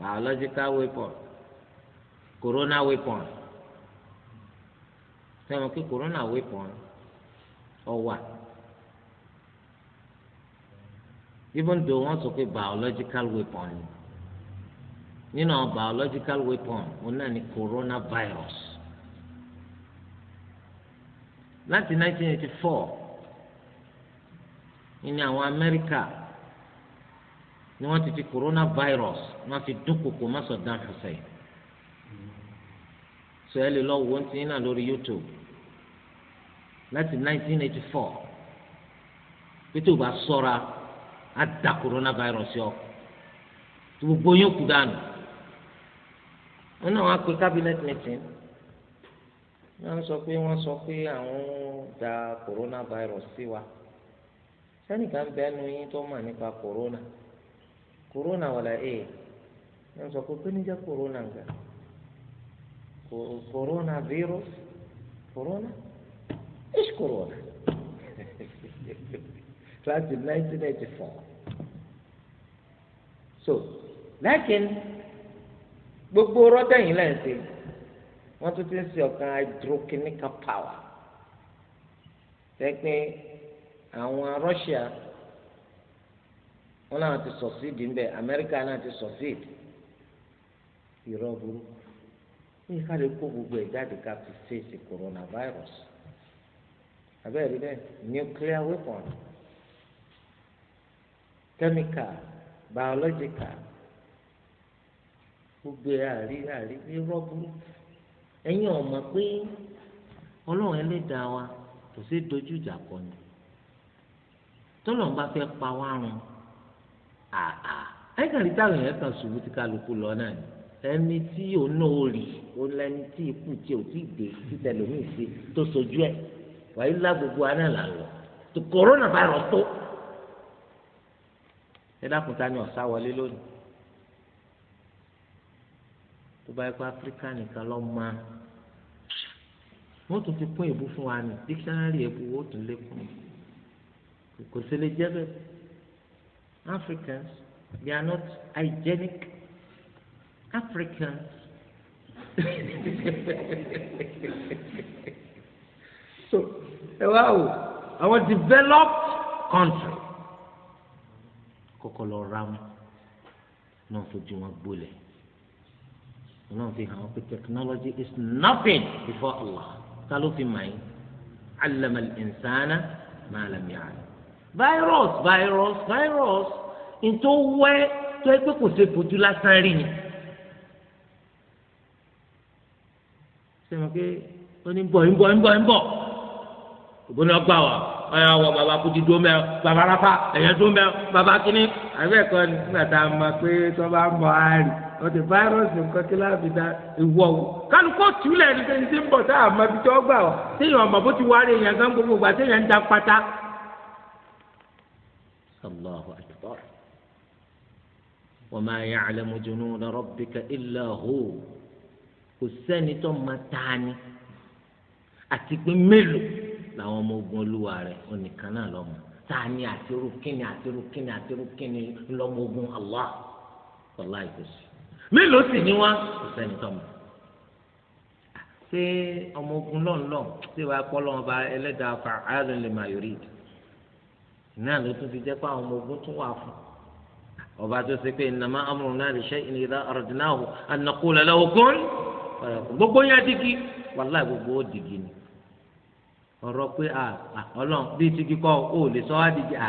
biological weapon corona weapon sẹ́wọ̀n pé corona weapon ọ̀wà even though wọ́n sọ pé biological weapon ni nínú àwọn biological weapon wọn náà ni coronavirus láti 1984 ní àwọn Amẹ́ríkà ni wọ́n ti fi coronavirus wọ́n fi dúnkòkò mọ́sọ̀dán Hussein sọ ẹ lè lọ wo ti náà lórí youtube láti 1984 pété ò bá sọ́ra á da coronavirus yọ tó gbogbo yín kú dànù wọn náà wá pé cabinet meeting wọn sọ pé wọn sọ pé àwọn da coronavirus sí wa sẹ́nìkan bẹ́ẹ̀ nu yín tó mà nípa corona corona wàlà ẹ̀ wọn sọ pé pé níjà corona gan. كورونا فيروس كورونا ايش كورونا لازم 1984 so لكن gbogbo rọdà yìí lẹ́sẹ̀ wọ́n tún ti ń sè ọ̀kan hydrokinika power tẹ́ àwọn Russia wọn náà ti succeed ń bẹ Amẹ́ríkà náà ti succeed irọ́ ní ká lè kó gbogbo ẹ̀ ká fi fèsì coronavirus abẹ́rẹ́ bẹ́ẹ̀ nuclear weapon chemical biological gbogbo ẹ̀ àrí àrí ní rọ́bù ẹ̀yin ọ̀mọ̀ pé ọlọ́run ẹlẹ́dàá wa kò sí dojú ìjà kọ ni tọ́lọ̀ ń bá fẹ́ pa wá run àà ẹ̀ka rí táwọn èèyàn kan ṣubú tí kálukú lọ náà ni ẹni tí òun náà rí i ó lẹ́ni tí ikú tí ò tí ì dé títẹ̀ lómi ìṣe tó sojú ẹ̀ wàyí lá gbogbo aná là ń lọ tó kòrónà virus tó ẹ dákun ni ọ̀sá wọlé lónìí tó bá yẹ kó áfíríkà nìkan lọ́ máa wọ́n tún ti kún èbú fún wa ní dictionary èbú wọ́n tún lé kún kò sí lè jẹ́ bẹ́ẹ̀ Africans they are not hygienic Africans. so ẹ wá wò àwọn developed country kọ́kọ́ lọ ra wọn náà fojú wọn gbolẹ̀ náà fi hàn pé technology is nothing before Allah ta ló fi mà yín alama ìnsáná máa lam ya'lam virus virus virus ntọ́ wẹ́ tó ẹgbẹ́ kò ṣe fojú lásán rí ni. sẹ́mi pé ó ní bọ̀ ń bọ̀ ń bọ̀ ń bọ̀ ògbóni ọgbà wà ọyà wọ bàbá kùtì dó mẹ bàbá rafa ẹ̀yẹ dó mẹ bàbá kínní àbẹ̀ kọ́ ni nígbà tá a mọ̀ pé tó bá ń bọ̀ àárí wọ́n ti fáírọ́ọ̀sì nǹkan kí láàbì dá ewu ọ̀wọ́ kálukó tìlẹ̀ ní sẹ́yìn tí ń bọ̀ tá a mọ̀ ibi tí wọ́n gbà wọ́ sẹ́yìn ọmọ bó ti wárí èèyàn gán gbogbo gbà sẹ́yìn ń da pátá. Allahu akbar wa ma ya'lamu junuda rabbika illa hu kò sẹ́ni tó máa ta ni àti pé mélòó làwọn ọmọ ogun olúwa rẹ̀ onìkan náà lọ́mọ ta ni àti irú kíni àti irú kíni àti irú kíni lọ́mọ ogun Allah kọlá ìkọsí mélòó sì ni wá kò sẹ́ni tó mọ̀ ṣé ọmọ ogun lọ́nlọ́ ṣé wàá pọ́ lọ́wọ́ bá ẹlẹ́dàá fa ààrùn lè máa yọrí ìdí náà ló tún fi jẹ́ pé àwọn ọmọ ogun tún wà fún ọba tó ṣe pé innama amruna li shay'in idha aradnahu an naqula lahu kun gbogbo yẹn digi wàhálà gbogbo ó digi ni ọ̀rọ̀ pé à ọlọ́run bíi ti kíkọ́ ó lè sọ wá dìde à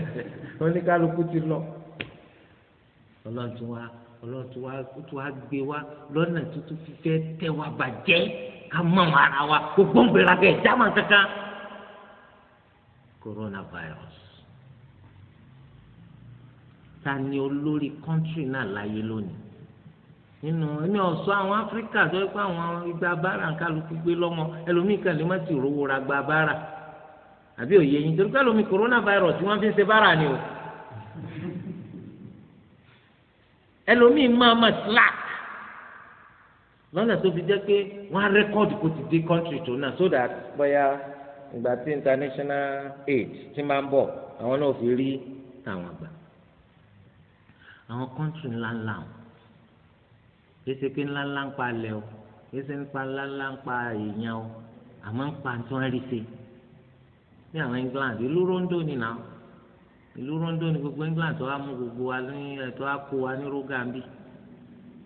oníkálukú ti lọ. ọlọ́run tí wá ọlọ́run tí wá ó tí wá gbé wá lọ́nà tuntun fífẹ́ tẹ́ wá bàjẹ́ ká mọ̀ ara wa gbogbo ń gbéra bẹ́ẹ̀ já máa kankan. coronavirus ta ni olórí kọ́ńtírì náà láyé lónìí nínú èmi ọ̀sọ́ àwọn áfíríkà tó yẹ pé àwọn igba bára kálukú gbé lọ́wọ́ ẹlòmíì kan lè má ti rówó ra gba bára àbí òye yín torí kálómi corona fi ń se bára ni o ẹlòmíì máa ma slack lọ́nà tó fi jẹ́ pé wọ́n á rẹ́kọ́ọ̀dù kó ti dé country tó náà so that bóyá ìgbà tí international aid ti máa ń bọ̀ àwọn náà fi rí tàwọn gbà àwọn kése pé ńláńlá ń pa alẹ́ o kése ńpa ńláńlá ń pa èèyàn o àmọ́ ń pa tí wọ́n rí ṣe ní àwọn England ìlú rondo ni nà ìlú rondo ni gbogbo England tó wá mú gbogbo wa ní ẹ̀tọ́ àpò wa ní rogambi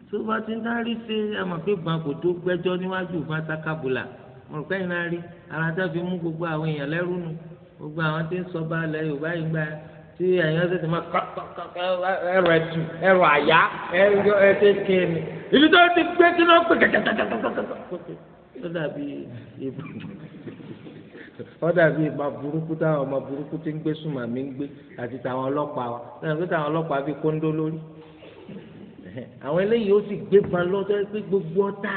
tó bá ti ń dárí ṣe àmọ́ pé gbọ́n kò tó gbẹ́jọ́ níwájú fatakabula mo rò pẹ́yìn náà rí ara tá fi mú gbogbo àwọn èèyàn lẹ́rú nu gbogbo àwọn tí ń sọ bá alẹ́ Yorùbá yìí gbà tí ẹ̀yàn ṣẹ̀ṣẹ̀ máa ẹ̀rọ ẹ̀tù ẹ̀rọ àyà ẹ̀rọ ẹ̀tẹ̀kẹ́ ni ibi tó ti gbé kí ló gbé kẹkẹkẹkẹkẹkẹ ó dàbí ìbò ó dàbí ìbá burúkú táwọn ọmọ burúkú ti ń gbé súnmọ́ mi ń gbé àti táwọn ọlọ́pàá wa náà pé táwọn ọlọ́pàá fi kóńdó lórí àwọn eléyìí ó sì gbé ba lọ́tọ́ pé gbogbo ọ̀tá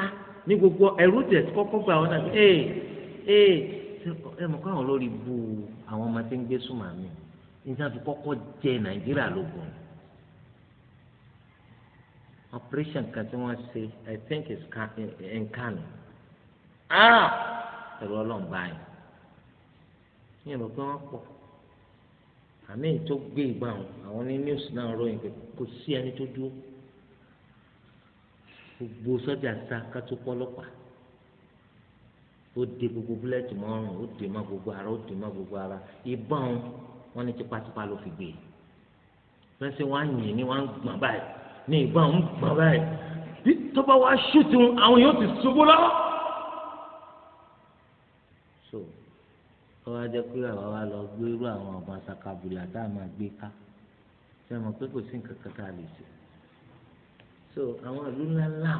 ní gbogbo ẹ̀rú tẹ̀ kọ́kọ́ gba àwọn náà ee ee ẹ mọ̀ káwọn lórí bu àwọn ọmọ tí ń gbé súnmọ́ mi níta fi kọ́kọ́ jẹ Nàìjíríà lógun operation kan tí wọ́n ṣe i think it's in Kano ah ẹ̀rọ ọlọ́mọba yẹn ní ìrò pé wọ́n pọ̀ àmì tó gbé ìgbà wọn àwọn ní news náà ròyìn pé kò sí ẹni tó dúró gbogbo sọ́jà sá kátó pọ́lọ́pàá ó de gbogbo búlẹ́ẹ̀tì mọ́ ọrùn ó de má gbogbo ara ó de má gbogbo ara ìbọn wọn ní tipátipá ló fi gbé e fẹsẹ̀ wọn á yìn ní wọn á gbọ̀n báyìí ní ìgbọ́n ń gbọ́n báyìí tó bá wá ṣùtù àwọn yóò ti ṣubú lọ́wọ́. so ọwọ́ ajẹ́ pé àwa wa lọ gbé irú àwọn ọba sakabula tá a máa gbé ká ṣe mọ̀ pé kò sí nǹkan kan tá a lè ṣe. so àwọn ìlú ńláńlá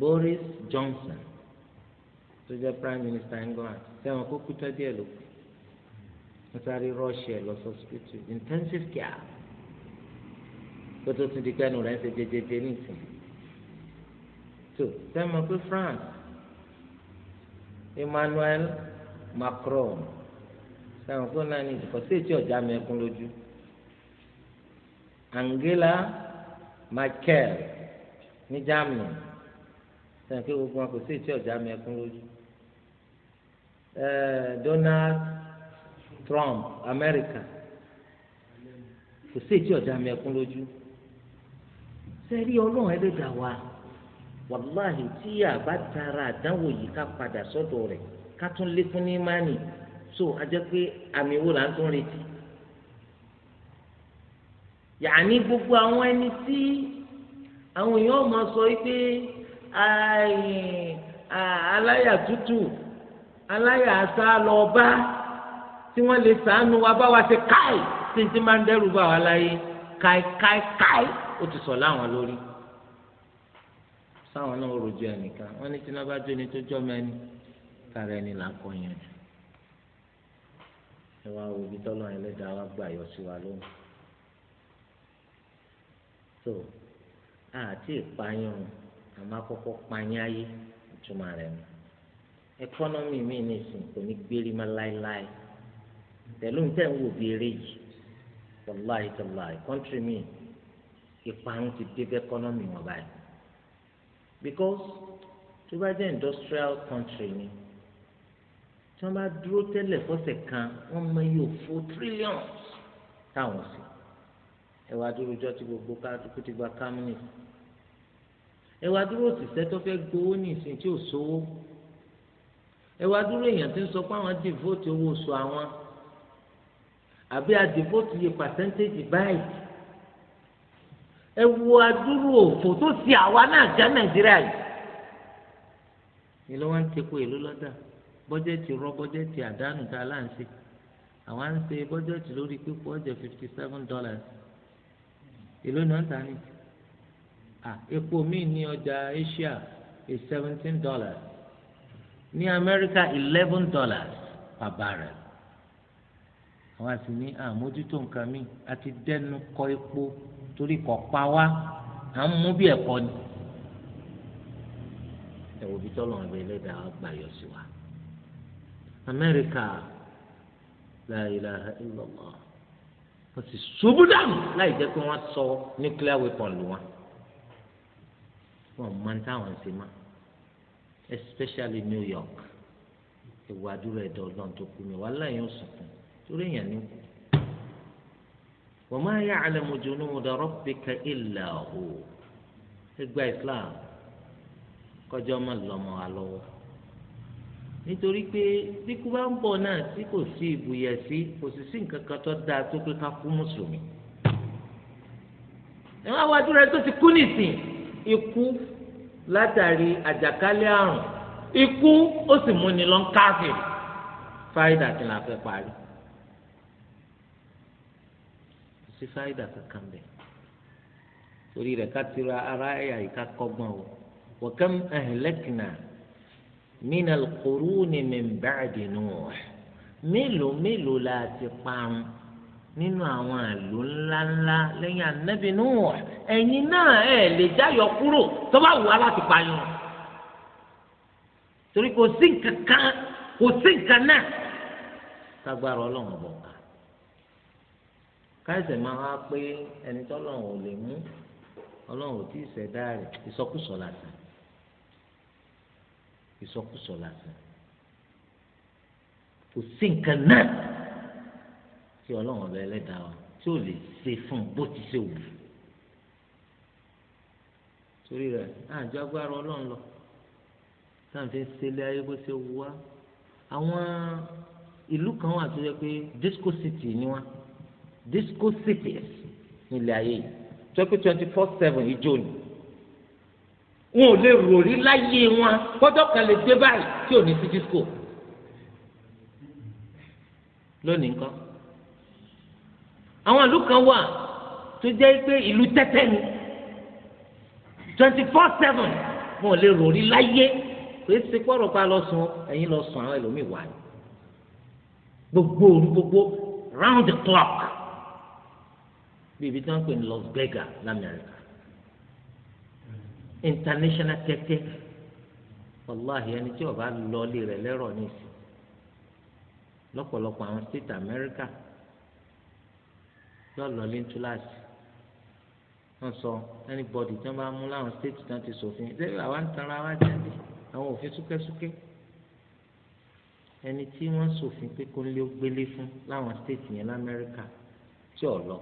Boris Johnson tó jẹ́ prime minister England ṣe mọ̀ kó kú tọ́ díẹ̀ ló kù wọ́n sáré rọ́ọ̀ṣì ẹ̀ lọ sọ́sibítù intensive care kó tó tún di pé ẹnu rẹ̀ ń ṣe jẹjẹjẹ ní tó sẹ́mi pé France Emmanuel Macron sẹ́mi pé náà ní ìdìkọ́ sí ètí ọ̀já mẹ́kún lójú Angela Merkel ní Germany sẹ́mi pé gbogbo wọn kò sí ètí ọ̀já mẹ́kún lójú Donald Trump America kò sí ètí ọ̀já mẹ́kún lójú sẹ́rí ọlọ́run ẹlẹ́dàá wa wàláhì tí àbá tara àdánwò yìí ká padà sọ́dọ̀ rẹ̀ ká tún lékún ní mánì so a jẹ́ pé àmì wo là ń tún retí. yàní gbogbo àwọn ẹni tí àwọn èèyàn máa sọ pé aláyà tútù aláyà asá lọ bá tí wọ́n lè sàánú wa bá wa ṣe káì tí n ti máa ń dẹ́rù bá wa láyé káì káì káì ó ti sọ láwọn lórí sáwọn náà rojú ẹnìkan wọn ní tinubu ajó ni tó jọmọ ẹni tààrà ẹni là ń kọ yẹn ẹ wá wo ibi tọ́lọ́ yẹn lẹ́dàá wá gbà yọ sí wa lóhùn tó àti ìpayàn àmọ́ akọ́kọ́ payán ayé ìtumọ̀ rẹ̀ mi ẹkọ́nọ́mì mi nìsín kò ní gbérí má láéláé pẹ̀lú nǹkan wò bí eré yìí wàláì tàláì kọ́ńtírì mi ìparun ti dé bẹ́ kọ́nọ́mì wọn báyìí because tó bá jẹ́ industrial country ni tí wọ́n bá dúró tẹ́lẹ̀ fọ́sẹ̀ kan wọ́n mọ iye òfo trillions táwọn sí ẹ wá dúró jọ tí gbogbo kálukú ti gba kámúnì ẹ wá dúró òṣìṣẹ́ tó fẹ́ gbowó ní ìsìn tí ò sówó ẹ wá dúró èèyàn tí ń sọ pé àwọn dìvóòtì owó oṣù àwọn àbí àdìvóòtì iye pàṣẹ́ntéèjì báyìí ẹ wo adúrú òfò tó ti àwa náà já nàìjíríà yìí ìlú wọn ń tepo ìlú lọ́dà bọ́jẹ́tì rọ bọ́jẹ́tì àdánù tá a là ń ṣe àwọn ń ṣe bọ́jẹ́tì lórí pípọ̀ ọ̀jẹ̀ fifty seven dollars ìlú ni wọ́n ta ní epo míì ní ọjà Asia is seventeen dollars ní Amẹ́ríkà eleven dollars per barrel àwọn àti ní àmójútó nǹkan mi àti dẹnu kọ epo torí kọ̀ pa wá à ń mú bí ẹ̀kọ́ ni. ẹ wo bí tọ́lọ̀ ọ̀rẹ́ ẹlẹ́dàá gbà yọ sí wa. amẹ́ríkà la ilaha illallah wọ́n ti ṣubú dànù láì jẹ́ pé wọ́n sọ nuclear weapon lù wọ́n. wọ́n mọ ní táwọn ṣe mọ́ especially New York ìwà dúró ẹ̀dọ́ ọlọ́run tó kú mi wàhálà yẹn ò sùn fún torí èèyàn ní kú wa ma ya'lamu junuda rabbika illa hu ẹgbẹ́ islam kọjá ọmọ lọ́mọ alọ́wọ́ nítorí pé bí kú bá ń bọ̀ náà tí kò sí ìbùyẹ̀ sí kò sì sí nǹkan kan tó dáa tó pé ká kú mùsùlùmí ẹ má wájú tó ti kú nìsín ikú látàrí àjàkálẹ̀ àrùn ikú ó sì múni lọ́n káfíìn fáyidà kí fẹ́ parí. sí fáyidà kankan bẹ̀ torí rẹ̀ ká tira ara ẹ̀yà yìí ká kọ́gbọ́n o wa kam ahlakna minal quruni min ba'di Nuh mélòó mélòó la ti parun nínú àwọn àlò ńláńlá lẹ́yìn ànábì Nuh ẹ̀yin náà ẹ̀ lè jáyọ kúrò tó wù á pààyàn torí kò sí nǹkan kò sí nǹkan náà tágbára ọlọ́run bọ̀ ká káyọ̀sẹ̀ máa wá pé ẹni tí ọlọ́run ò lè mú ọlọ́run ò tí ì ṣẹ̀dá rẹ̀ ìsọkúsọ lásán ìsọkúsọ lásán kò sí nǹkan náà tí ọlọ́run ọba ẹlẹ́dàá wa tí ò lè ṣe fún bó ti ṣe wù torí rẹ̀ àjọ agbára ọlọ́run lọ sáǹfẹ̀ ṣẹlẹ̀ ayé bó ṣe wù wá àwọn ìlú kan wà tó yẹ pé disco city ni wọ́n disco cities nílẹ̀ ayé yìí tó pé twenty four seven ìjó ni wọn ò lè rọrí láyé wọn kọjọ́ kan lè dé báyìí tí ò ní sí disco lónìí nǹkan àwọn ìlú kan wà tó jẹ́ pé ìlú tẹ́tẹ́ ni twenty four seven wọn ò lè rọrí láyé pé ṣe pọ́rọ̀ pa lọ sùn ẹ̀yin lọ sùn àwọn ẹlòmíì wà ní gbogbo gbogbo round the clock bíbí tí wọ́n pè ní Las Vegas lamẹ́ríkà international tẹ́tẹ́ wàláhì ẹni tí ọba lọlé rẹ̀ lẹ́rọ̀ nísì lọ́pọ̀lọpọ̀ àwọn state America yóò lọlé ntúláàsì wọ́n sọ anybody tí wọ́n bá mú láwọn state náà ti ṣòfin ṣé àwa ń tanra wa jáde àwọn òfin súkẹ́súkẹ́ ẹni tí wọ́n ṣòfin pé kó lé gbélé fún láwọn state yẹn lamẹ́ríkà tí ò lọ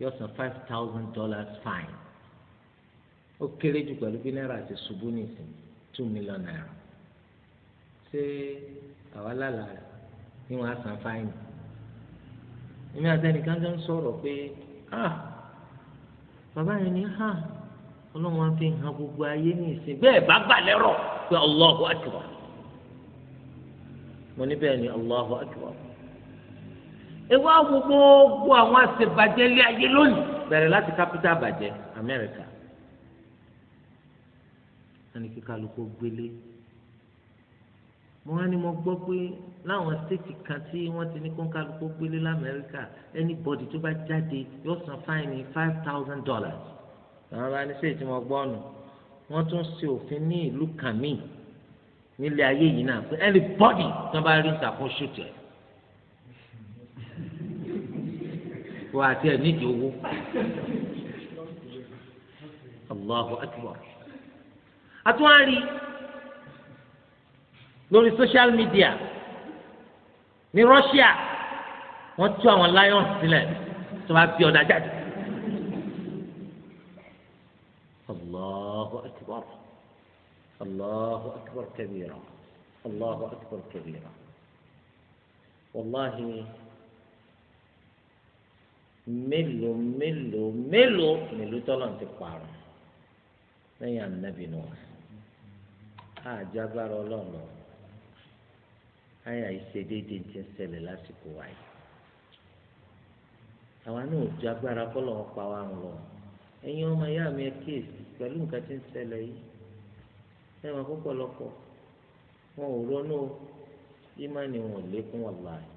yóò san five thousand dollars fine ó kéré jù pẹ̀lú bí náírà ti ṣubú nìsín two million naira ṣé àwa lálà ni wọ́n á san fine. èmi àtẹnìkan jọ ń sọ̀rọ̀ pé ah bàbá yẹn ni ah ọlọ́run á fi hàn gbogbo ayé ní ìsìn bẹ́ẹ̀ bá gbà lẹ́rọ̀ pé Allahu akbar mo ní bẹ́ẹ̀ ni Allahu akbar ewu awo gbogbo àwọn àṣebàjẹ́ lé ayé lónìí bẹ̀rẹ̀ láti capital bàjẹ́ Amẹ́ríkà wọ́n ní kí kálukú gbélé mo wá ní mo gbọ́ pé láwọn stéètì kan tí wọ́n ti ní kó kálukú gbélé l'Amẹ́ríkà anybody tó bá jáde yóò san fáìní five thousand dollars àwọn bá ní sèétì mo gbọ́ ọ̀nà wọ́n tún ṣe òfin ní ìlú kàmí nílé ayé yìí náà pé anybody tó bá rí ìṣàkóso tẹ̀ wọ́n àti ẹ̀ nídìí owó Allahu Akbar àtúwárí lórí social media ní Russia wọ́n tú àwọn lion sílẹ̀ tó bá bí ọ̀dà jáde Allahu Akbar Allahu Akbar kabira Allahu Akbar kabira wàláhi. mélòó mélòó mélòó mélòó tọ́lọ̀ ti pààrọ̀ lẹ́yìn ànábì nù àjàgbára ọlọ́run lọ àyà ìṣedéédé ti ń ṣẹlẹ̀ lásìkò wáyé àwa náà ju agbára kọ́lọ̀ wọn pa wa lọ ẹ̀yin ọmọ ìyá mi kéèsì pẹ̀lú nǹkan tí ń ṣẹlẹ̀ yìí ẹ̀wọ̀n púpọ̀lọpọ̀ wọn ò ronú ìmánì wọn ò lékún wọn láàyè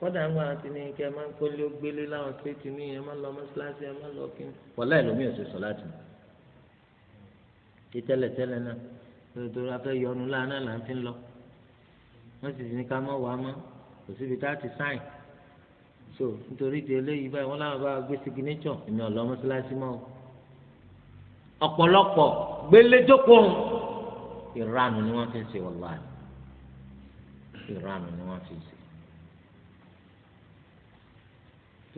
kọ́dà ń gbà àti ní kí ẹ máa ń kólé ó gbélé láwọn séètì mí ẹ máa lọ mọ́ṣáláṣí ẹ máa lọ kí n. wọ́n láì lómi ò ṣe sọ láti mọ̀ ti tẹ́lẹ̀tẹ́lẹ̀ náà nítorí afẹ́ yọnu lánà là ń fi lọ wọ́n sì ní ká mọ̀ wá mọ́ kò síbi tá ti sáìn so nítorí ti eléyìí báyìí wọ́n láwọn bá gbé signature èmi ọ̀lọ́ mọ́ṣáláṣí mọ́ o ọ̀pọ̀lọpọ̀ gbélédókòó ìranù ni wọ́n fi ń ṣe wọ́lá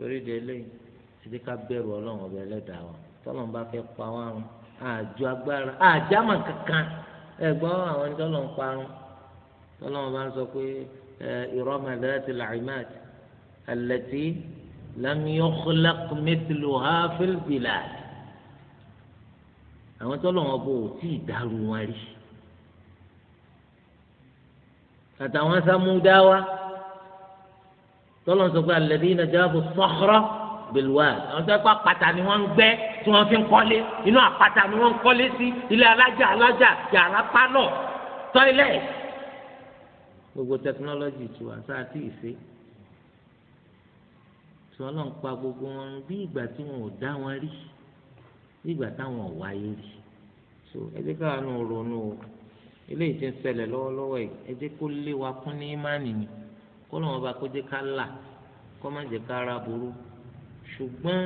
torí de eléyìí títí ká bẹ̀rù ọlọ́run ọba ẹlẹ́dàá wa tọ́lọ́n bá fẹ́ pa wá run àjọ agbára àjámà kankan ẹ̀gbọ́n àwọn ẹni tọ́lọ́n parun tọ́lọ́n bá ń sọ pé ìrọ́mà dáàtì làìmáàtì àlẹ́tì lámìọ́kọ́lákù mẹ́tìlú háfílbìlà àwọn tọ́lọ́n ọba ò tí ì dàrú wọn rí àtàwọn sámúdáwá tọ́lọ́ sọ pé alladhina jabu sakhra bilwad àwọn tó pa pàtà ni wọ́n ń gbẹ́ tí wọ́n fi ń kọ́lé inú àpàtà ni wọ́n ń kọ́lé sí ilé alájà alájà yàrá pálọ̀ tọ́ilẹ̀ gbogbo tẹkinọ́lọ́jì tí wà sáà tí ì tí wọ́n lọ ń pa gbogbo wọn bí ìgbà tí wọn ò dá wọn rí bí ìgbà táwọn ò wáyé rí so ẹ jẹ́ káwọn ronú o eléyìí ti ń ṣẹlẹ̀ lọ́wọ́lọ́wọ́ ẹ kọ́lọ́wọ́n bá kó jẹ́ ká là kọ́ má jẹ́ ká ara burú ṣùgbọ́n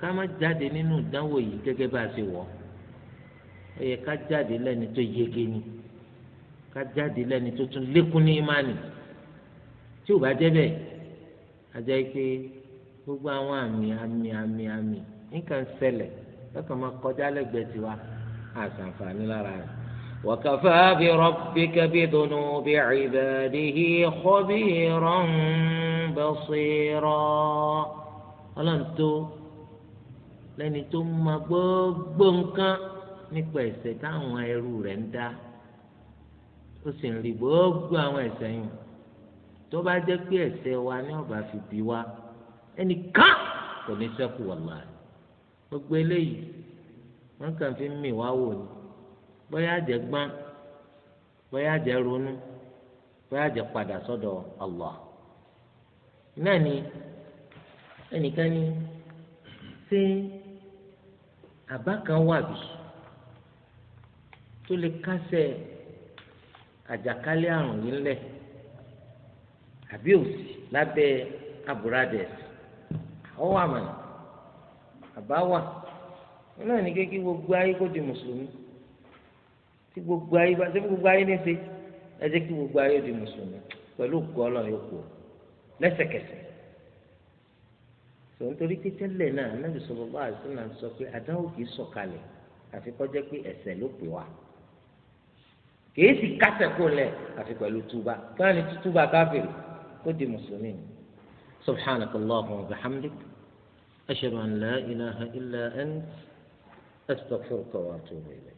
ká má jáde nínú ìdánwò yìí gẹ́gẹ́ bá a ṣe wọ̀ ó yẹ ká jáde lẹ́ni tó yege ni ká jáde lẹ́ni tó tún lékún ní ìmánì tí ò bá jẹ́ bẹ́ẹ̀ a jẹ́ pé gbogbo àwọn àmì àmì àmì àmì nǹkan ṣẹlẹ̀ lọ́kàn máa kọjá lẹ́gbẹ̀ẹ́ tiwa àṣàǹfààní lára rẹ̀. وكفى بربك بذنوب عباده خبيرا بصيرا ọlọ́run tó lẹ́ni tó mọ gbogbo nǹkan nípa ẹ̀ṣẹ̀ táwọn ẹrú rẹ̀ ń dá ó sì ń rí gbogbo àwọn ẹ̀ṣẹ̀ yìí tó bá jẹ́ pé ẹ̀ṣẹ̀ wa ní ọ̀bà fi bí wa ẹnìkan kò ní ṣẹ́kù wàlá gbogbo eléyìí wọ́n kàn fi ń mì wá wò ni. bóyá jẹ gbọ́n bóyá jẹ ronú bóyá jẹ padà sọ́dọ̀ Allah náà ni ẹnìkan ní ṣé àbá kan wà bí tó lè kásẹ̀ àjàkálẹ̀ àrùn yìí ńlẹ̀ àbí òsì lábẹ́ aburadẹ̀s ọwọ́ àmàlà àbá wà náà ní kékeré gbogbo ayé kó di mùsùlùmí tí gbogbo ayé bá ṣe gbogbo ayé níṣe ẹ jẹ́ kí gbogbo ayé di mùsùlùmí pẹ̀lú òkú ọlọ́run yóò kú ọ lẹ́sẹ̀kẹsẹ̀ tòun torí pé tẹ́lẹ̀ náà anábì sọ̀rọ̀ bá àìsàn náà sọ pé àdáwò kìí sọ̀kalẹ̀ àfi kó jẹ́ pé ẹ̀ṣẹ̀ ló pè wá kìí sì kásẹ̀ kó lẹ̀ àfi pẹ̀lú túbà káà ní túbà káfíìrì kó di mùsùlùmí سبحانك اللهم وبحمدك أشهد أن لا إله إلا أنت أستغفرك وأتوب إليك